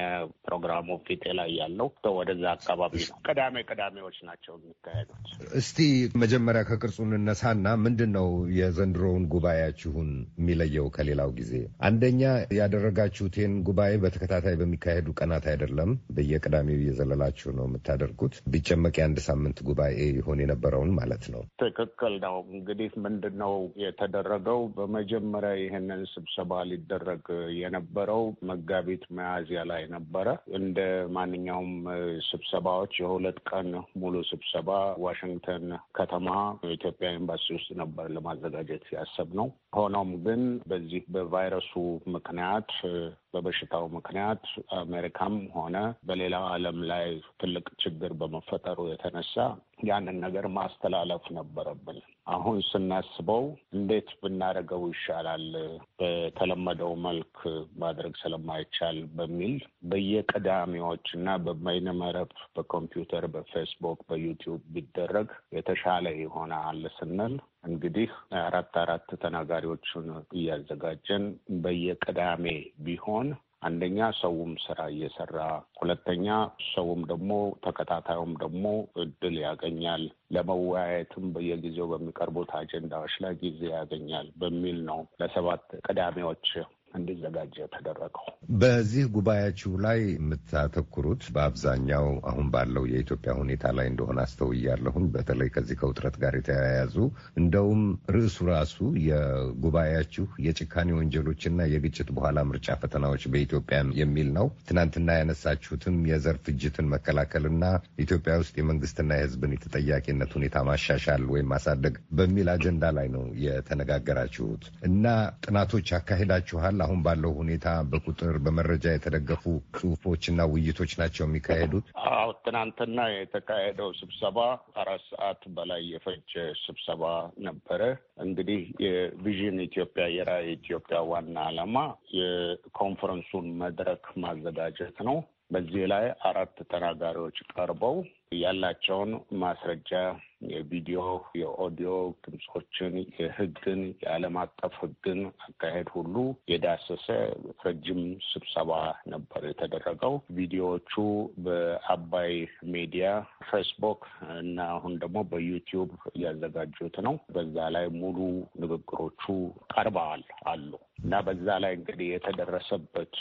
ፕሮግራሙ ፊቴ ላይ ያለው ወደዛ አካባቢ ነው። ቅዳሜ ቅዳሜዎች ናቸው የሚካሄዱት። እስቲ መጀመሪያ ከቅርጹ እንነሳና ምንድን ነው የዘንድሮውን ጉባኤያችሁን የሚለየው ከሌላው ጊዜ? አንደኛ ያደረጋችሁትን ጉባኤ በተከታታይ በሚካሄዱ ቀናት አይደለም፣ በየቅዳሜው እየዘለላችሁ ነው የምታደርጉት። ቢጨመቅ የአንድ ሳምንት ጉባኤ ይሆን የነበረውን ማለት ነው። ትክክል ነው። እንግዲህ ምንድን ነው የተደረገው? በመጀመሪያ ይህንን ስብሰባ ሊደረግ የነበረው መጋቢት መያዝያ ላይ ነበረ። እንደ ማንኛውም ስብሰባዎች የሁለት ቀን ሙሉ ስብሰባ ዋሽንግተን ከተማ የኢትዮጵያ ኤምባሲ ውስጥ ነበር ለማዘጋጀት ያሰብ ነው። ሆኖም ግን በዚህ በቫይረሱ ምክንያት በበሽታው ምክንያት አሜሪካም ሆነ በሌላው ዓለም ላይ ትልቅ ችግር በመፈጠሩ የተነሳ ያንን ነገር ማስተላለፍ ነበረብን። አሁን ስናስበው እንዴት ብናደርገው ይሻላል፣ በተለመደው መልክ ማድረግ ስለማይቻል በሚል በየቅዳሜዎች እና በበይነመረብ በኮምፒውተር፣ በፌስቡክ፣ በዩቲዩብ ቢደረግ የተሻለ ይሆናል ስንል እንግዲህ አራት አራት ተናጋሪዎችን እያዘጋጀን በየቅዳሜ ቢሆን አንደኛ ሰውም ስራ እየሰራ ሁለተኛ ሰውም ደግሞ ተከታታዩም ደግሞ እድል ያገኛል፣ ለመወያየትም በየጊዜው በሚቀርቡት አጀንዳዎች ላይ ጊዜ ያገኛል በሚል ነው ለሰባት ቅዳሜዎች እንዲዘጋጅ የተደረገው። በዚህ ጉባኤያችሁ ላይ የምታተኩሩት በአብዛኛው አሁን ባለው የኢትዮጵያ ሁኔታ ላይ እንደሆነ አስተውያለሁኝ። በተለይ ከዚህ ከውጥረት ጋር የተያያዙ እንደውም ርዕሱ ራሱ የጉባኤያችሁ የጭካኔ ወንጀሎችና የግጭት በኋላ ምርጫ ፈተናዎች በኢትዮጵያ የሚል ነው። ትናንትና ያነሳችሁትም የዘር ፍጅትን መከላከልና ኢትዮጵያ ውስጥ የመንግስትና የህዝብን የተጠያቂነት ሁኔታ ማሻሻል ወይም ማሳደግ በሚል አጀንዳ ላይ ነው የተነጋገራችሁት እና ጥናቶች አካሂዳችኋል። አሁን ባለው ሁኔታ በቁጥር በመረጃ የተደገፉ ጽሁፎችና ውይይቶች ናቸው የሚካሄዱት? አዎ ትናንትና የተካሄደው ስብሰባ አራት ሰዓት በላይ የፈጀ ስብሰባ ነበረ። እንግዲህ የቪዥን ኢትዮጵያ የራዕይ ኢትዮጵያ ዋና ዓላማ የኮንፈረንሱን መድረክ ማዘጋጀት ነው። በዚህ ላይ አራት ተናጋሪዎች ቀርበው ያላቸውን ማስረጃ የቪዲዮ፣ የኦዲዮ ድምፆችን፣ የህግን፣ የዓለም አቀፍ ህግን አካሄድ ሁሉ የዳሰሰ ረጅም ስብሰባ ነበር የተደረገው። ቪዲዮዎቹ በአባይ ሚዲያ ፌስቡክ እና አሁን ደግሞ በዩቲዩብ እያዘጋጁት ነው። በዛ ላይ ሙሉ ንግግሮቹ ቀርበዋል አሉ እና በዛ ላይ እንግዲህ የተደረሰበት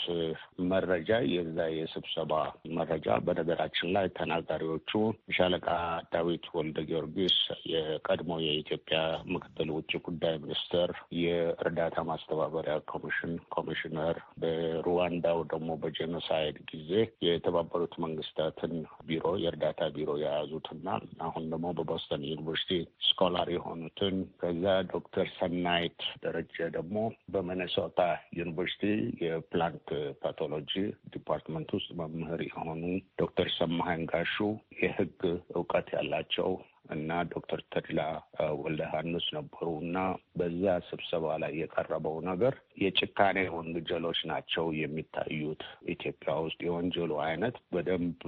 መረጃ የዛ የስብሰባ መረጃ በነገራችን ላይ ተናጋሪዎቹ ሻለቃ ዳዊት ወልደ ጊዮርጊስ የቀድሞ የኢትዮጵያ ምክትል ውጭ ጉዳይ ሚኒስትር፣ የእርዳታ ማስተባበሪያ ኮሚሽን ኮሚሽነር፣ በሩዋንዳው ደግሞ በጀኖሳይድ ጊዜ የተባበሩት መንግስታትን ቢሮ የእርዳታ ቢሮ የያዙትና አሁን ደግሞ በቦስተን ዩኒቨርሲቲ ስኮላር የሆኑትን ከዛ ዶክተር ሰናይት ደረጀ ደግሞ በሚኔሶታ ዩኒቨርሲቲ የፕላንት ፓቶሎጂ ዲፓርትመንት ውስጥ መምህር የሆኑ ዶክተር ሰማሀን ጋሹ የህግ እውቀት ያላቸው እና ዶክተር ተድላ ወልደ ዮሐንስ ነበሩ እና በዛ ስብሰባ ላይ የቀረበው ነገር የጭካኔ ወንጀሎች ናቸው የሚታዩት። ኢትዮጵያ ውስጥ የወንጀሉ አይነት በደንብ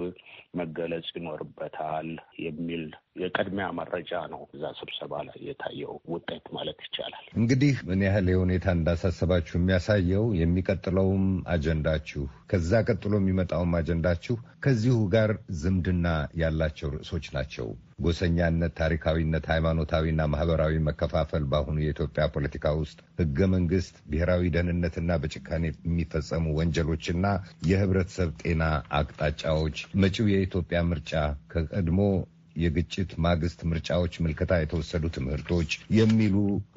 መገለጽ ይኖርበታል የሚል የቅድሚያ መረጃ ነው እዛ ስብሰባ ላይ የታየው ውጤት ማለት ይቻላል። እንግዲህ ምን ያህል የሁኔታ እንዳሳሰባችሁ የሚያሳየው የሚቀጥለውም አጀንዳችሁ ከዛ ቀጥሎ የሚመጣውም አጀንዳችሁ ከዚሁ ጋር ዝምድና ያላቸው ርዕሶች ናቸው። ጎሰኛነት፣ ታሪካዊነት፣ ሃይማኖታዊና ማህበራዊ መከፋፈል በአሁኑ የኢትዮጵያ ፖለቲካ ውስጥ ህገ መንግስት፣ ብሔራዊ ደህንነትና በጭካኔ የሚፈጸሙ ወንጀሎችና የህብረተሰብ ጤና አቅጣጫዎች፣ መጪው የኢትዮጵያ ምርጫ ከቀድሞ የግጭት ማግስት ምርጫዎች ምልከታ የተወሰዱ ትምህርቶች የሚሉ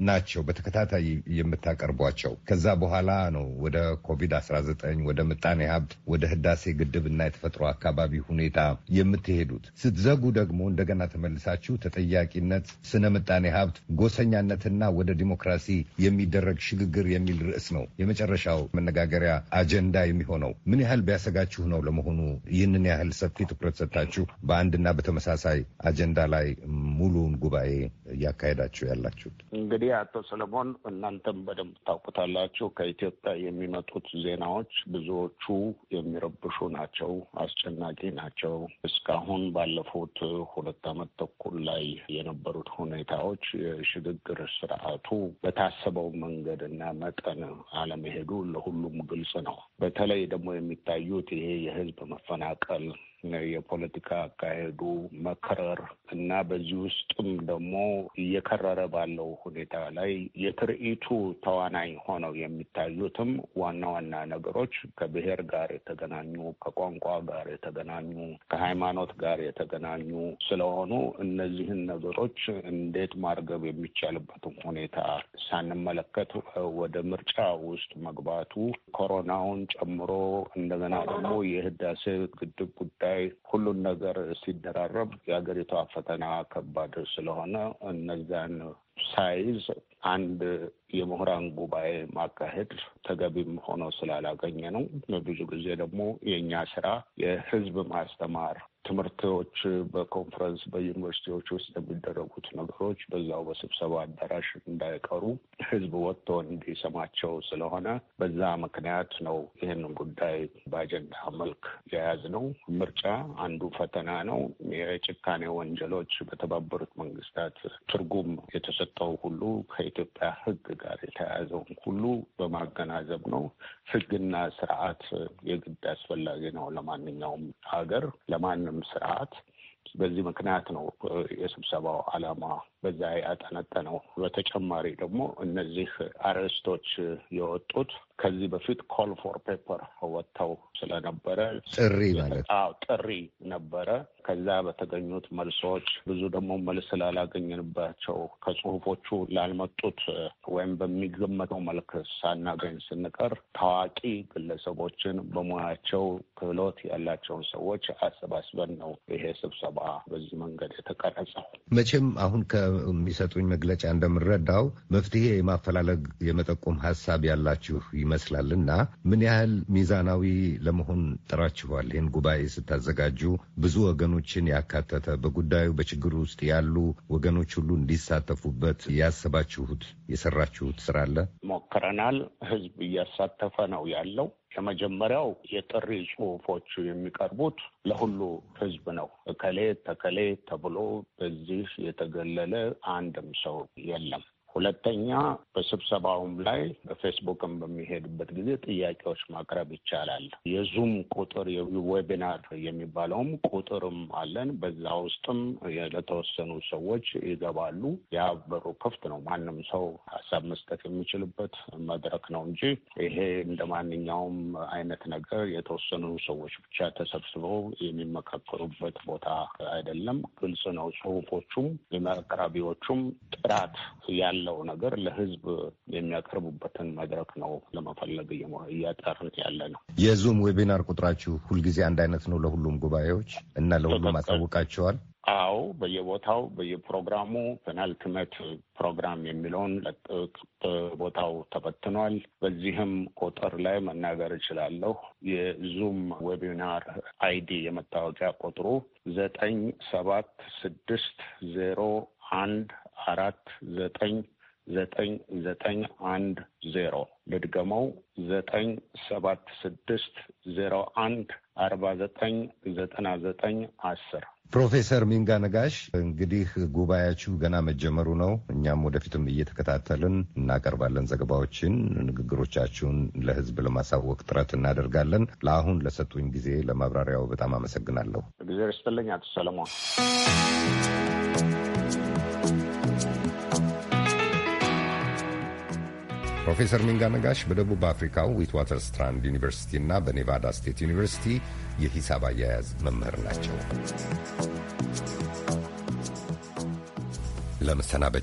ናቸው በተከታታይ የምታቀርቧቸው። ከዛ በኋላ ነው ወደ ኮቪድ-19 ወደ ምጣኔ ሀብት ወደ ህዳሴ ግድብ እና የተፈጥሮ አካባቢ ሁኔታ የምትሄዱት። ስትዘጉ ደግሞ እንደገና ተመልሳችሁ ተጠያቂነት፣ ስነ ምጣኔ ሀብት፣ ጎሰኛነትና ወደ ዲሞክራሲ የሚደረግ ሽግግር የሚል ርዕስ ነው የመጨረሻው መነጋገሪያ አጀንዳ የሚሆነው። ምን ያህል ቢያሰጋችሁ ነው ለመሆኑ ይህንን ያህል ሰፊ ትኩረት ሰጥታችሁ በአንድና በተመሳሳይ አጀንዳ ላይ ሙሉውን ጉባኤ እያካሄዳችሁ ያላችሁት? እንግዲህ አቶ ሰለሞን እናንተም በደንብ ታውቁታላችሁ። ከኢትዮጵያ የሚመጡት ዜናዎች ብዙዎቹ የሚረብሹ ናቸው፣ አስጨናቂ ናቸው። እስካሁን ባለፉት ሁለት ዓመት ተኩል ላይ የነበሩት ሁኔታዎች የሽግግር ስርዓቱ በታሰበው መንገድ እና መጠን አለመሄዱ ለሁሉም ግልጽ ነው። በተለይ ደግሞ የሚታዩት ይሄ የህዝብ መፈናቀል የፖለቲካ አካሄዱ መከረር እና በዚህ ውስጥም ደግሞ እየከረረ ባለው ሁኔታ ላይ የትርኢቱ ተዋናይ ሆነው የሚታዩትም ዋና ዋና ነገሮች ከብሔር ጋር የተገናኙ፣ ከቋንቋ ጋር የተገናኙ፣ ከሃይማኖት ጋር የተገናኙ ስለሆኑ እነዚህን ነገሮች እንዴት ማርገብ የሚቻልበትም ሁኔታ ሳንመለከት ወደ ምርጫ ውስጥ መግባቱ ኮሮናውን ጨምሮ እንደገና ደግሞ የህዳሴ ግድብ ጉዳይ ላይ ሁሉን ነገር ሲደራረብ የሀገሪቷ ፈተና ከባድ ስለሆነ እነዚያን ሳይዝ አንድ የምሁራን ጉባኤ ማካሄድ ተገቢም ሆኖ ስላላገኘ ነው። ብዙ ጊዜ ደግሞ የእኛ ስራ የህዝብ ማስተማር ትምህርቶች በኮንፈረንስ በዩኒቨርሲቲዎች ውስጥ የሚደረጉት ነገሮች በዛው በስብሰባ አዳራሽ እንዳይቀሩ ህዝብ ወጥቶ እንዲሰማቸው ስለሆነ በዛ ምክንያት ነው ይህንን ጉዳይ በአጀንዳ መልክ የያዝነው። ምርጫ አንዱ ፈተና ነው። የጭካኔ ወንጀሎች በተባበሩት መንግስታት ትርጉም የተሰጠው ሁሉ ከኢትዮጵያ ህግ ጋር የተያያዘውን ሁሉ በማገናዘብ ነው። ህግና ስርዓት የግድ አስፈላጊ ነው ለማንኛውም ሀገር ለማንም ስርዓት። በዚህ ምክንያት ነው የስብሰባው ዓላማ በዛ ያጠነጠነው። በተጨማሪ ደግሞ እነዚህ አርዕስቶች የወጡት ከዚህ በፊት ኮል ፎር ፔፐር ወጥተው ስለነበረ ጥሪ ማለት አዎ ጥሪ ነበረ። ከዛ በተገኙት መልሶች ብዙ ደግሞ መልስ ስላላገኘንባቸው ከጽሁፎቹ ላልመጡት ወይም በሚገመተው መልክ ሳናገኝ ስንቀር ታዋቂ ግለሰቦችን በሙያቸው ክህሎት ያላቸውን ሰዎች አሰባስበን ነው ይሄ ስብሰባ በዚህ መንገድ የተቀረጸው። መቼም አሁን ከ ከሚሰጡኝ መግለጫ እንደምረዳው መፍትሄ የማፈላለግ የመጠቆም ሀሳብ ያላችሁ ይመስላል እና ምን ያህል ሚዛናዊ ለመሆን ጥራችኋል? ይህን ጉባኤ ስታዘጋጁ ብዙ ወገኖችን ያካተተ በጉዳዩ በችግሩ ውስጥ ያሉ ወገኖች ሁሉ እንዲሳተፉበት ያሰባችሁት የሰራችሁት ስራ አለ? ሞክረናል። ህዝብ እያሳተፈ ነው ያለው። የመጀመሪያው የጥሪ ጽሁፎች የሚቀርቡት ለሁሉ ህዝብ ነው። እከሌ ተከሌ ተብሎ በዚህ የተገለለ አንድም ሰው የለም። ሁለተኛ በስብሰባውም ላይ በፌስቡክም በሚሄድበት ጊዜ ጥያቄዎች ማቅረብ ይቻላል። የዙም ቁጥር ዌቢናር የሚባለውም ቁጥርም አለን። በዛ ውስጥም ለተወሰኑ ሰዎች ይገባሉ። ያ በሩ ክፍት ነው። ማንም ሰው ሀሳብ መስጠት የሚችልበት መድረክ ነው እንጂ ይሄ እንደ ማንኛውም አይነት ነገር የተወሰኑ ሰዎች ብቻ ተሰብስበው የሚመካከሩበት ቦታ አይደለም። ግልጽ ነው። ጽሁፎቹም የመቅረቢዎቹም ጥራት ያለ ያለው ነገር ለህዝብ የሚያቀርቡበትን መድረክ ነው ለመፈለግ እያጠርን ያለ ነው። የዙም ዌቢናር ቁጥራችሁ ሁልጊዜ አንድ አይነት ነው ለሁሉም ጉባኤዎች እና ለሁሉም አሳውቃቸዋል? አዎ፣ በየቦታው በየፕሮግራሙ ፔናልቲሜት ፕሮግራም የሚለውን ቦታው ተበትኗል። በዚህም ቁጥር ላይ መናገር እችላለሁ። የዙም ዌቢናር አይዲ የመታወቂያ ቁጥሩ ዘጠኝ ሰባት ስድስት ዜሮ አንድ አራት ዘጠኝ ዘጠኝ ዘጠኝ አንድ ዜሮ ልድገመው ዘጠኝ ሰባት ስድስት ዜሮ አንድ አርባ ዘጠኝ ዘጠና ዘጠኝ አስር ፕሮፌሰር ሚንጋ ነጋሽ እንግዲህ ጉባኤያችሁ ገና መጀመሩ ነው። እኛም ወደፊትም እየተከታተልን እናቀርባለን ዘገባዎችን፣ ንግግሮቻችሁን ለሕዝብ ለማሳወቅ ጥረት እናደርጋለን። ለአሁን ለሰጡኝ ጊዜ ለማብራሪያው በጣም አመሰግናለሁ። እግዜር ይስጥልኝ አቶ ሰለሞን። ፕሮፌሰር ሚንጋ ነጋሽ በደቡብ አፍሪካው ዊት ዋተር ስትራንድ ዩኒቨርሲቲ እና በኔቫዳ ስቴት ዩኒቨርሲቲ የሂሳብ አያያዝ መምህር ናቸው።